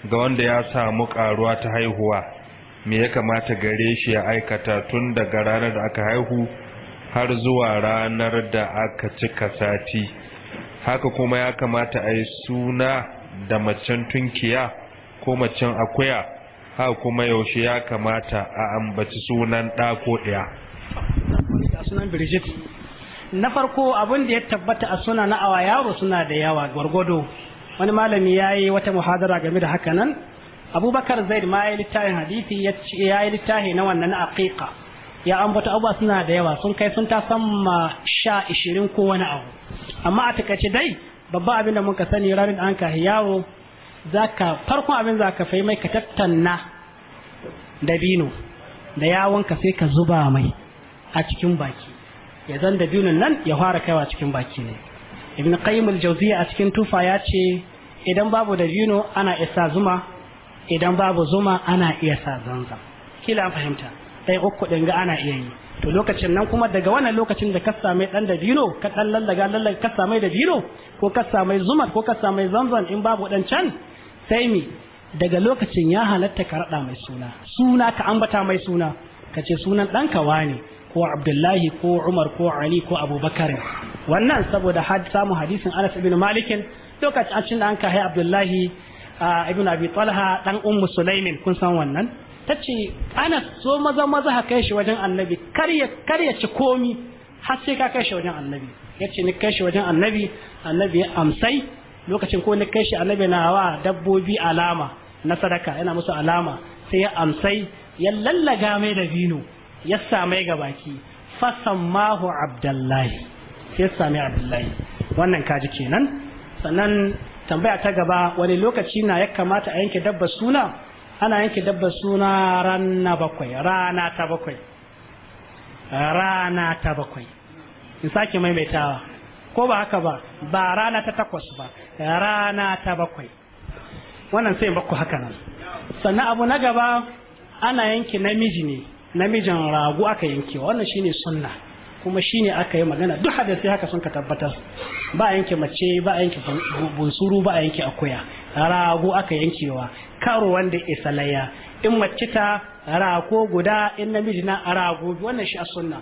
ga wanda ya samu karuwa ta haihuwa me ya kamata gare shi ya aikata tun daga ranar da aka haihu har zuwa ranar da aka cika sati haka kuma ya kamata a yi suna da macen tunkiya ko macen akuya ha kuma yaushe ya kamata a ambaci sunan ɗa ko ɗaya sunan Brigitte na farko abin da ya tabbata a suna na awa yaro suna da yawa gwargwado wani malami ya yi wata muhadara game da haka nan abubakar zaid ma ya yi littafin hadithi ya yi littafi na wannan aqiqa ya ambata abuwa suna da yawa sun kai sun ta sama sha ishirin ko wani abu amma a takaice dai babba abin da muka sani ranar da an ka yawo ka farkon abin za ka fai mai ka tattanna dabino da yawonka sai ka zuba mai a cikin baki ya zan dabinon nan ya fara kaiwa cikin baki ne ibn qayyim al a cikin tufa ya ce idan babu dabino ana isa zuma idan babu zuma ana iya sa zanzam kila fahimta ɗaya uku ɗin ana iya yi to lokacin nan kuma daga wannan lokacin da ka same dan da dino ka dan lallaga lallaga ka same da dino ko ka same zumar ko ka same zamzam in babu dan can sai mi daga lokacin ya halatta ka rada mai suna suna ka ambata mai suna ka ce sunan dan ka wani ko abdullahi ko umar ko ali ko abubakar wannan saboda had samu hadisin anas ibn malik lokacin an ka hai abdullahi ibn abi talha dan ummu sulaimin kun san wannan ta ce ana so maza maza ha kai shi wajen annabi kar ya ci komi har sai ka kai shi wajen annabi ya ce ni kai shi wajen annabi annabi ya amsai lokacin ko ni kai shi annabi na wa dabbobi alama na sadaka yana musu alama sai ya amsai ya lallaga mai da vino ya samai ga baki fasammahu abdullahi sai sami abdullahi wannan kaji kenan sannan tambaya ta gaba wani lokaci na ya kamata a yanke dabba suna ana yanke dabba suna rana bakwai rana ta bakwai rana ta bakwai in sake maimaitawa ko ba haka ba ba rana ta takwas ba rana ta bakwai wannan sai bakwai haka nan sannan abu na gaba ana yanke namiji ne namijin ragu aka yanke wannan shine sunna kuma shine aka yi magana duk hadisi haka sun ka tabbatar ba a yanke mace ba yanke bunsuru ba yanke akuya rago aka yankewa karo wanda isalaya in mace ta rago guda in namiji na rago wannan shi a sunna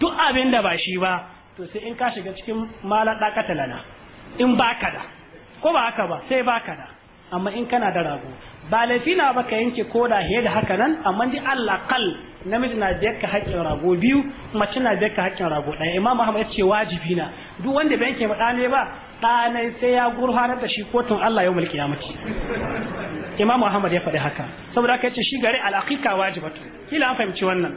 duk abin da ba shi ba to sai in ka shiga cikin malar na lana in ba da ko ba haka ba sai ba ka da amma in kana da rago ba laifi na ba ka yanke ko da da haka nan amma dai allah kal namiji na biyar haƙƙin rago biyu mace na biyar haƙƙin rago ɗaya imam ahmad ya ce wajibi na duk wanda bai yanke ba ne ba ɗanai sai ya gurhanar da shi kotun Allah yau mulki mace imam ahmad ya faɗi haka saboda haka ya ce shi gare wajiba wajibatu kila an fahimci wannan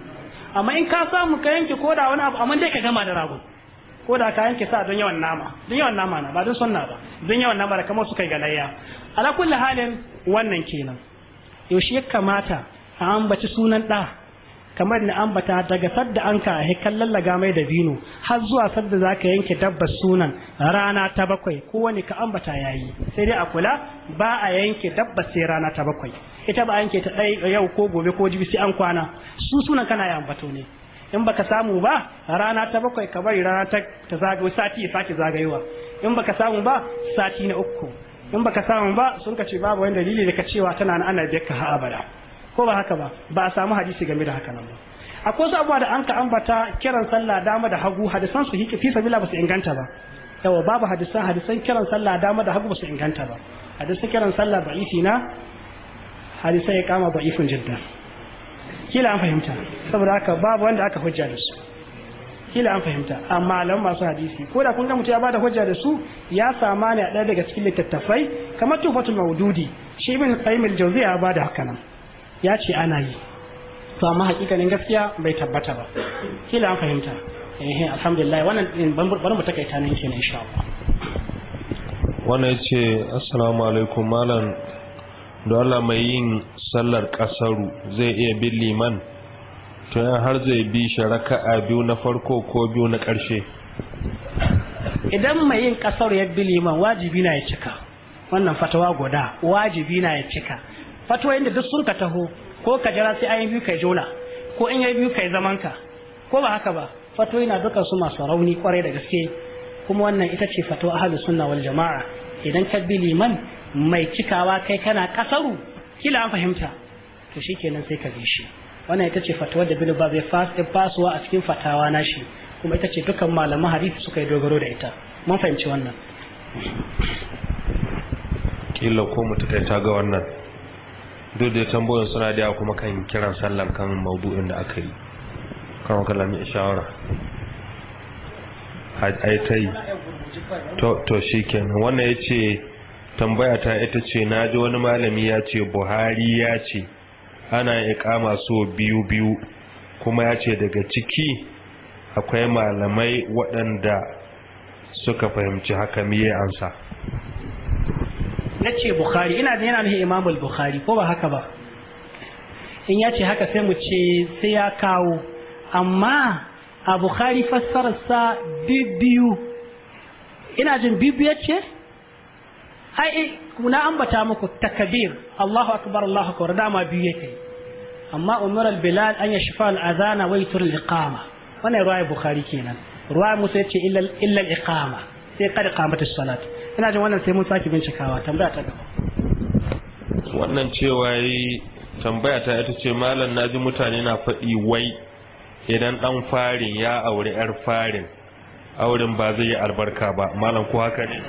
amma in ka samu ka yanke ko da wani abu amma dai ka gama da rago ko da ka yanke sa don yawan nama don yawan nama na ba don sunna ba don yawan nama da kamar suka yi galayya ala kulli halin wannan kenan yaushe ya kamata a ambaci sunan ɗa kamar na ambata daga sadda an ka he kallon laga mai da bino har zuwa sadda zaka yanke dabbar sunan rana ta bakwai ko wani ka ambata ya yi sai dai a kula ba a yanke dabbar sai rana ta bakwai ita ba a yanke ta dai yau ko gobe ko jibi sai an kwana su sunan kana ya ambato ne in baka samu ba rana ta bakwai ka bari rana ta zagayo sati ya sake zagayowa in baka samu ba sati na uku in baka samu ba sun ka ce babu wani dalili da ka cewa tana na ana biyar ka ha abada ko ba haka ba ba a samu hadisi game da haka nan ba akwai wasu abuwa da an ka ambata kiran sallah dama da hagu hadisan su hike fi sabila ba su inganta ba yawa babu hadisan hadisan kiran sallah dama da hagu ba su inganta ba hadisan kiran sallah da'ifi na hadisan ya kama ifin jidda kila an fahimta saboda haka babu wanda aka hujja da su kila an fahimta amma lan masu hadisi ko da kun ga mutum ya bada hujja da su ya sama ne a ɗaya daga cikin littattafai kamar tufatul maududi shi ibn qayyim al-jawziya ya bada haka nan ya ce ana yi to amma hakikanin gaskiya bai tabbata ba kila an fahimta eh alhamdulillah wannan bari mu takaita nan kenan insha Allah wannan yace assalamu alaikum malam don Allah mai yin sallar kasaru zai iya bin liman to yan har zai bi shi raka'a biyu na farko ko biyu na ƙarshe idan mai yin kasaru ya bi liman wajibi na ya cika wannan fatawa guda wajibi na ya cika fatoyin da duk sun ka taho ko ka jira sai an yi biyu kai jola ko in yi biyu kai zaman ka ko ba haka ba fatuwa na duka su masu rauni kwarai da gaske kuma wannan ita ce fato ahlus sunna wal jama'a idan ka bi liman mai cikawa kai kana kasaru kila an fahimta to shikenan sai ka bi shi wannan ita ce fatuwa da babu bai fasuwa a cikin fatawa na shi kuma ita ce dukkan malaman hadisi suka yi dogaro da ita mun fahimci wannan kila ko mu ta ga wannan duk da tambayoyin suna da kuma kan kiran sallar kan maudu'in da aka yi kan kalami shawara yi ta yi to shi kenan wannan ya ce tambaya ta ita ce na ji wani malami ya ce buhari ya ce ana kama so biyu biyu kuma ya ce daga ciki akwai malamai waɗanda suka fahimci haka miye ansa ce bukhari ina jin yana nufin imam bukhari ko ba haka ba in ya ce haka sai mu ce sai ya kawo amma a bukhari fassararsa biyu ina jin biyu ce ai eh, na ambata muku takabir Allahu akbar Allahu akbar dama biyu yake amma umar al-bilal an yashfa al-azana wa yutur al-iqama wannan ruwaya bukhari kenan ruwaya musa yace illa illa al-iqama sai kada kamata salat ina jin wannan sai mun saki bincikawa tambaya ta gaba wannan cewa yi tambaya ta ita ce malam naji mutane na faɗi wai idan dan farin ya aure yar farin auren ba zai yi albarka ba malam ko haka ne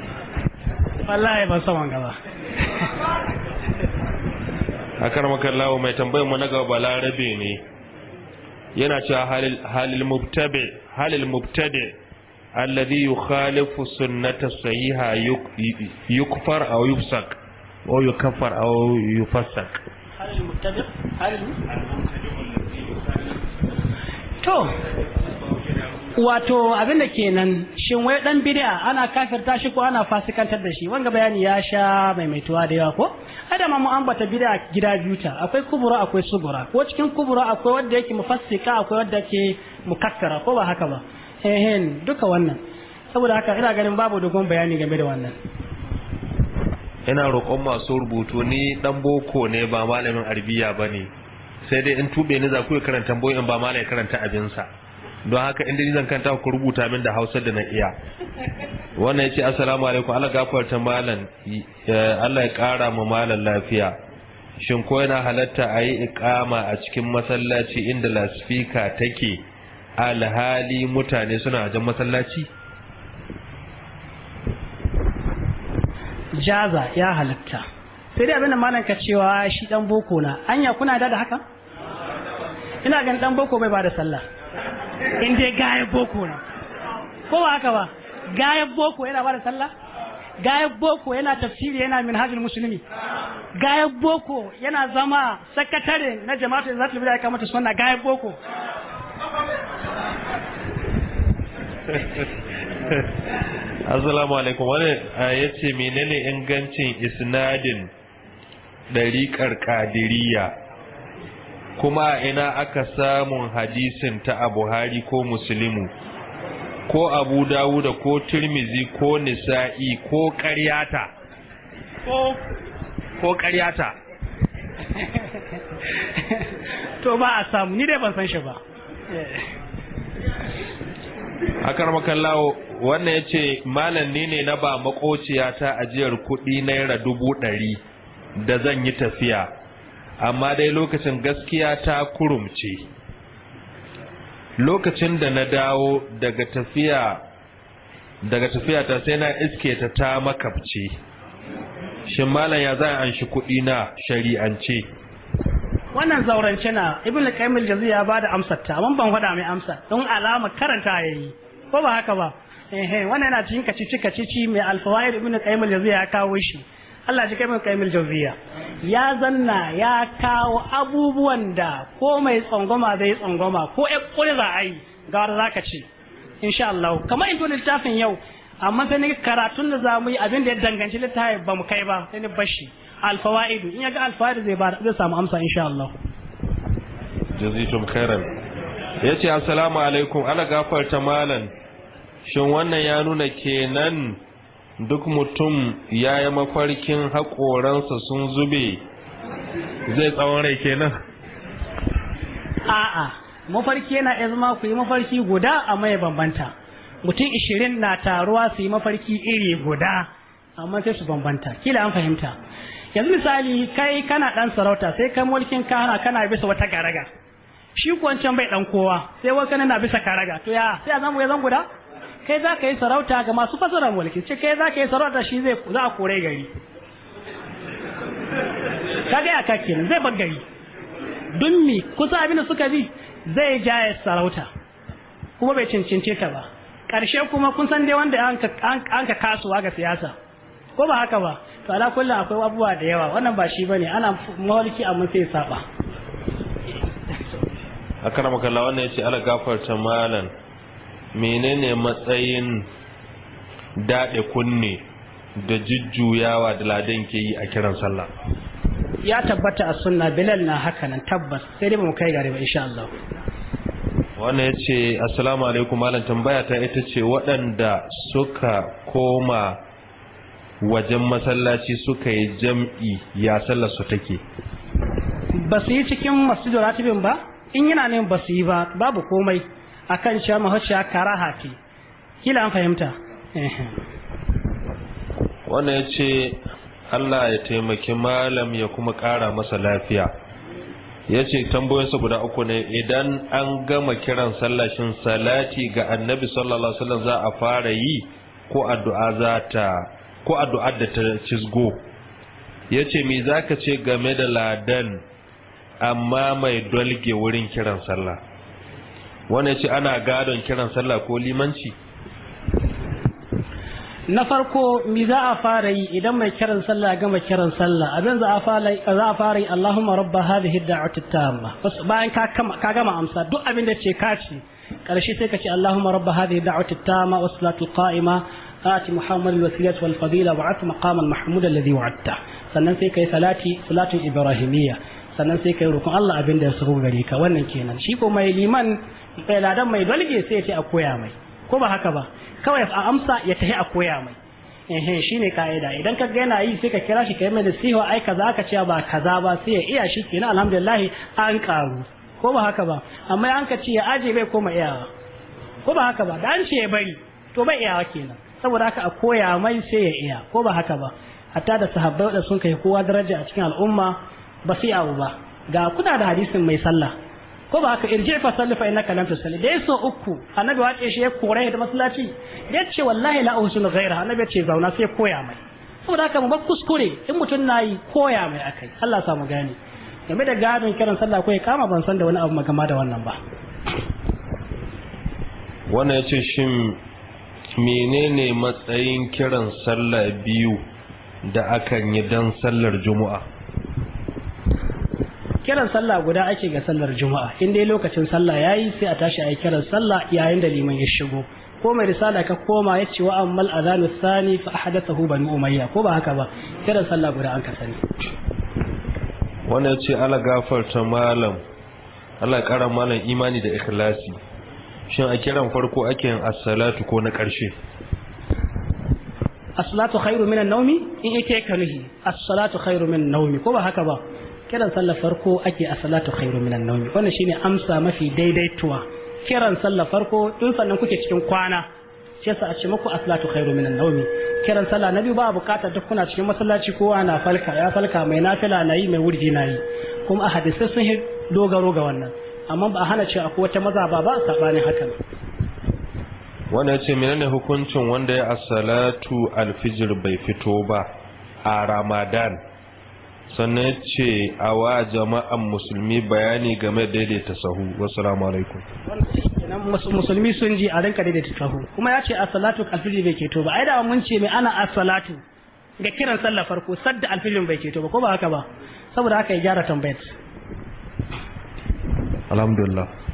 wallahi ban san wanga ba akar makallawo mai tambayar mu na gaba balarabe ne yana cewa halil mubtabi halil mubtadi alladhi yukhalifu sunnata sahiha yukfar aw yufsak aw yukfar aw yufsak to wato abin da kenan shin wai dan bid'a ana kafirta shi ko ana fasikantar da shi wanga bayani ya sha maimaituwa da yawa ko adama mu ambata bid'a gida biyuta akwai kubura akwai sugura ko cikin kubura akwai wanda yake mufassika akwai wanda yake mukakkara ko ba haka ba ehen duka wannan saboda haka ina ganin babu dogon bayani game da wannan ina roƙon masu rubutu ni dan boko ne ba malamin arbiya ba ne sai dai in tube ni za ku karanta boyin ba malai karanta abinsa don haka inda ni zan kanta ku rubuta min da hausa da na iya wannan ya ce assalamu alaikum allah gafarta malam allah ya ƙara ma malam lafiya shin ko yana halatta a yi iƙama a cikin masallaci inda lasfika take alhali mutane suna wajen masallaci jaza ya halitta. sai dai abin da malanka cewa shi dan boko na anya kuna da da haka ina ganin dan boko bai bada sallah in dai gaya boko na ko ba haka ba gaya boko yana bada sallah gaya boko yana tafsiri yana minhajul musulmi? gaya boko yana zama sakatare na jama'atul zatul bid'a kamata sunna gaya boko assalamu alaikum wani ya ce menene ingancin isnadin ɗariƙar ƙadiriya kuma ina aka samun hadisin ta a buhari ko musulmi ko abu dawuda ko turmizi ko nisa'i ko ƙaryata ko ƙaryata to ba a samu ni dai ban san shi ba akar lawo wannan ya ce malam ni ne na ba makociyata ta ajiyar kuɗi naira dubu ɗari da zan yi tafiya amma dai lokacin gaskiya ta kurumce lokacin da na dawo daga tafiya daga tafiya ta sai na iske ta ta makabce shi malam ya za a an shi kuɗi na shari'ance wannan zaurance na ibnu qayyim al-jaziyya ya bada amsar ta amma ban faɗa mai amsa don alama karanta yayi ko ba haka ba eh wannan yana cikin kacici kacici mai al-fawaid ibnu qayyim al-jaziyya ya kawo shi Allah ji kai mai qayyim al-jaziyya ya zanna ya kawo abubuwan da ko mai tsangoma zai tsangoma ko ai kuri za a yi ga wanda zaka ce insha Allah kamar in to littafin yau amma sai ni karatun da zamu yi abin da ya danganci littafin ba mu kai ba sai ni bashi alfawaid in ya ga alfawaid zai ba zai samu amsa insha Allah jazitum khairan yace assalamu alaikum ana gafarta malan shin wannan ya nuna kenan duk mutum ya yi mafarkin haƙoransa sun zube zai tsawon rai kenan a'a mafarki yana ya zama ku yi mafarki guda a mai bambanta mutum ishirin na taruwa su yi mafarki iri guda amma sai su bambanta kila an fahimta yanzu misali kai kana dan sarauta sai kai mulkin kana kana bisa wata karaga shi wancan bai dan kowa sai wani na bisa karaga to ya sai a zamu ya zan guda kai za ka yi sarauta ga masu fasara mulki ce kai za ka yi sarauta shi zai za a kore gari Ka ga ka kin zai bar gari dun mi kusa abin da suka bi zai ya sarauta kuma bai cincince ta ba karshe kuma kun san dai wanda an ka kasuwa ga siyasa ko ba haka ba to ala kulli akwai abubuwa da yawa wannan ba shi bane ana mawalki amma sai saba akrama kallah wannan yace ala gafarta malan menene matsayin dade kunne da jujjuyawa da ladan ke yi a kiran sallah ya tabbata a sunna bilal na haka nan tabbas sai dai mu kai gare ba insha Allah wannan yace assalamu alaikum malam tambaya ta ita ce waɗanda suka koma wajen masallaci suka yi jam'i ya sallar su take ba su yi cikin masjidul ratibin ba in yana ne ba su yi ba babu komai akan cewa mahauciya karaha ce kila an fahimta wannan ya ce Allah ya taimaki malam ya kuma ƙara masa lafiya ya ce tambayoyinsa guda uku ne idan an gama kiran sallashin salati ga annabi sallallahu alaihi wasallam za a fara yi ko addu'a za ta ko addu'ar da ta cizgo ya ce me za ka ce game da ladan amma mai dolge wurin kiran sallah wanda ce ana gadon kiran sallah ko limanci na farko me za a fara yi idan mai kiran sallah gama kiran sallah abin za a fara yi Allahumma rabba hadhihi da'wati tamma bayan ka gama amsa duk abin da ce ka ce karshe sai ka ce Allahumma rabba hadhihi da'wati tamma wa salatu qa'ima آت محمد الوسيلة والفضيلة وعث مقام المحمود الذي وعدته sannan sai kai salati salatin ibrahimiyya sannan sai kai rukun Allah abin da ya sahu gare ka wannan kenan shi ko mai liman mai ladan mai dalge sai ya ce a koya mai ko ba haka ba kawai a amsa ya tafi a koya mai ehe shine kaida idan ka ga yana yi sai ka kira shi kai mai nasiha ai kaza ka ce ba kaza ba sai ya iya shi kenan alhamdulillah an karu ko ba haka ba amma an ka ce ya aje bai koma iyawa ko ba haka ba da ce ya bari to bai iyawa kenan saboda haka a koya mai sai ya iya ko ba haka ba hatta da sahabbai da sun kai kowa daraja a cikin al'umma ba sai abu ba ga kuna da hadisin mai sallah ko ba haka irji fa salli fa innaka lam tusalli dai so uku annabi wace shi ya kore da masallaci da ce wallahi la usulu ghaira annabi ya ce zauna sai koya mai saboda haka mu ba kuskure in mutun nayi koya mai akai Allah samu gani, game da gadin kiran sallah ko ya kama ban san da wani abu magama da wannan ba wannan ya ce shin menene matsayin kiran sallah biyu da akan yi don sallar juma'a kiran sallah guda ake ga sallar juma'a in dai lokacin sallah yayi sai a tashi a yi kiran sallah yayin da liman ya shigo ko mai risala ka koma ya ce wa ammal azanu sani fa ahadathahu banu umayya ko ba haka ba kiran sallah guda an ka sani wannan ya ce ala gafarta malam Allah kara malam imani da ikhlasi shin a kiran farko ake yin as-salatu ko na ƙarshe as-salatu khairu minan nawmi in yake ka as-salatu khairu minan nawmi ko ba haka ba kiran sallar farko ake as-salatu khairu minan nawmi wannan shine amsa mafi daidaituwa kiran sallar farko in sannan kuke cikin kwana shi yasa a ce muku as-salatu khairu minan nawmi kiran sallah na biyu ba bukatar duk kuna cikin masallaci kowa na falka ya falka mai nafila nayi mai wurdi nayi kuma a hadisi sun dogaro ga wannan amma ba a hana cewa akwai wata maza ba ba, sabanin haka wanda ya ce menene hukuncin wanda ya asalatu alfijir bai fito ba a ramadan sannan ya ce a wa jama'an musulmi bayani game da daidaita sahu wasu alaikum musulmi sun ji a rinka daidaita sahu kuma ya ce asalatu alfijir bai keto ba yi da mun ce mai ana asalatu ga kiran sallah farko sadda alfijir bai keto ba ko ba haka ba saboda haka ya gyara tambayar alhamdulillah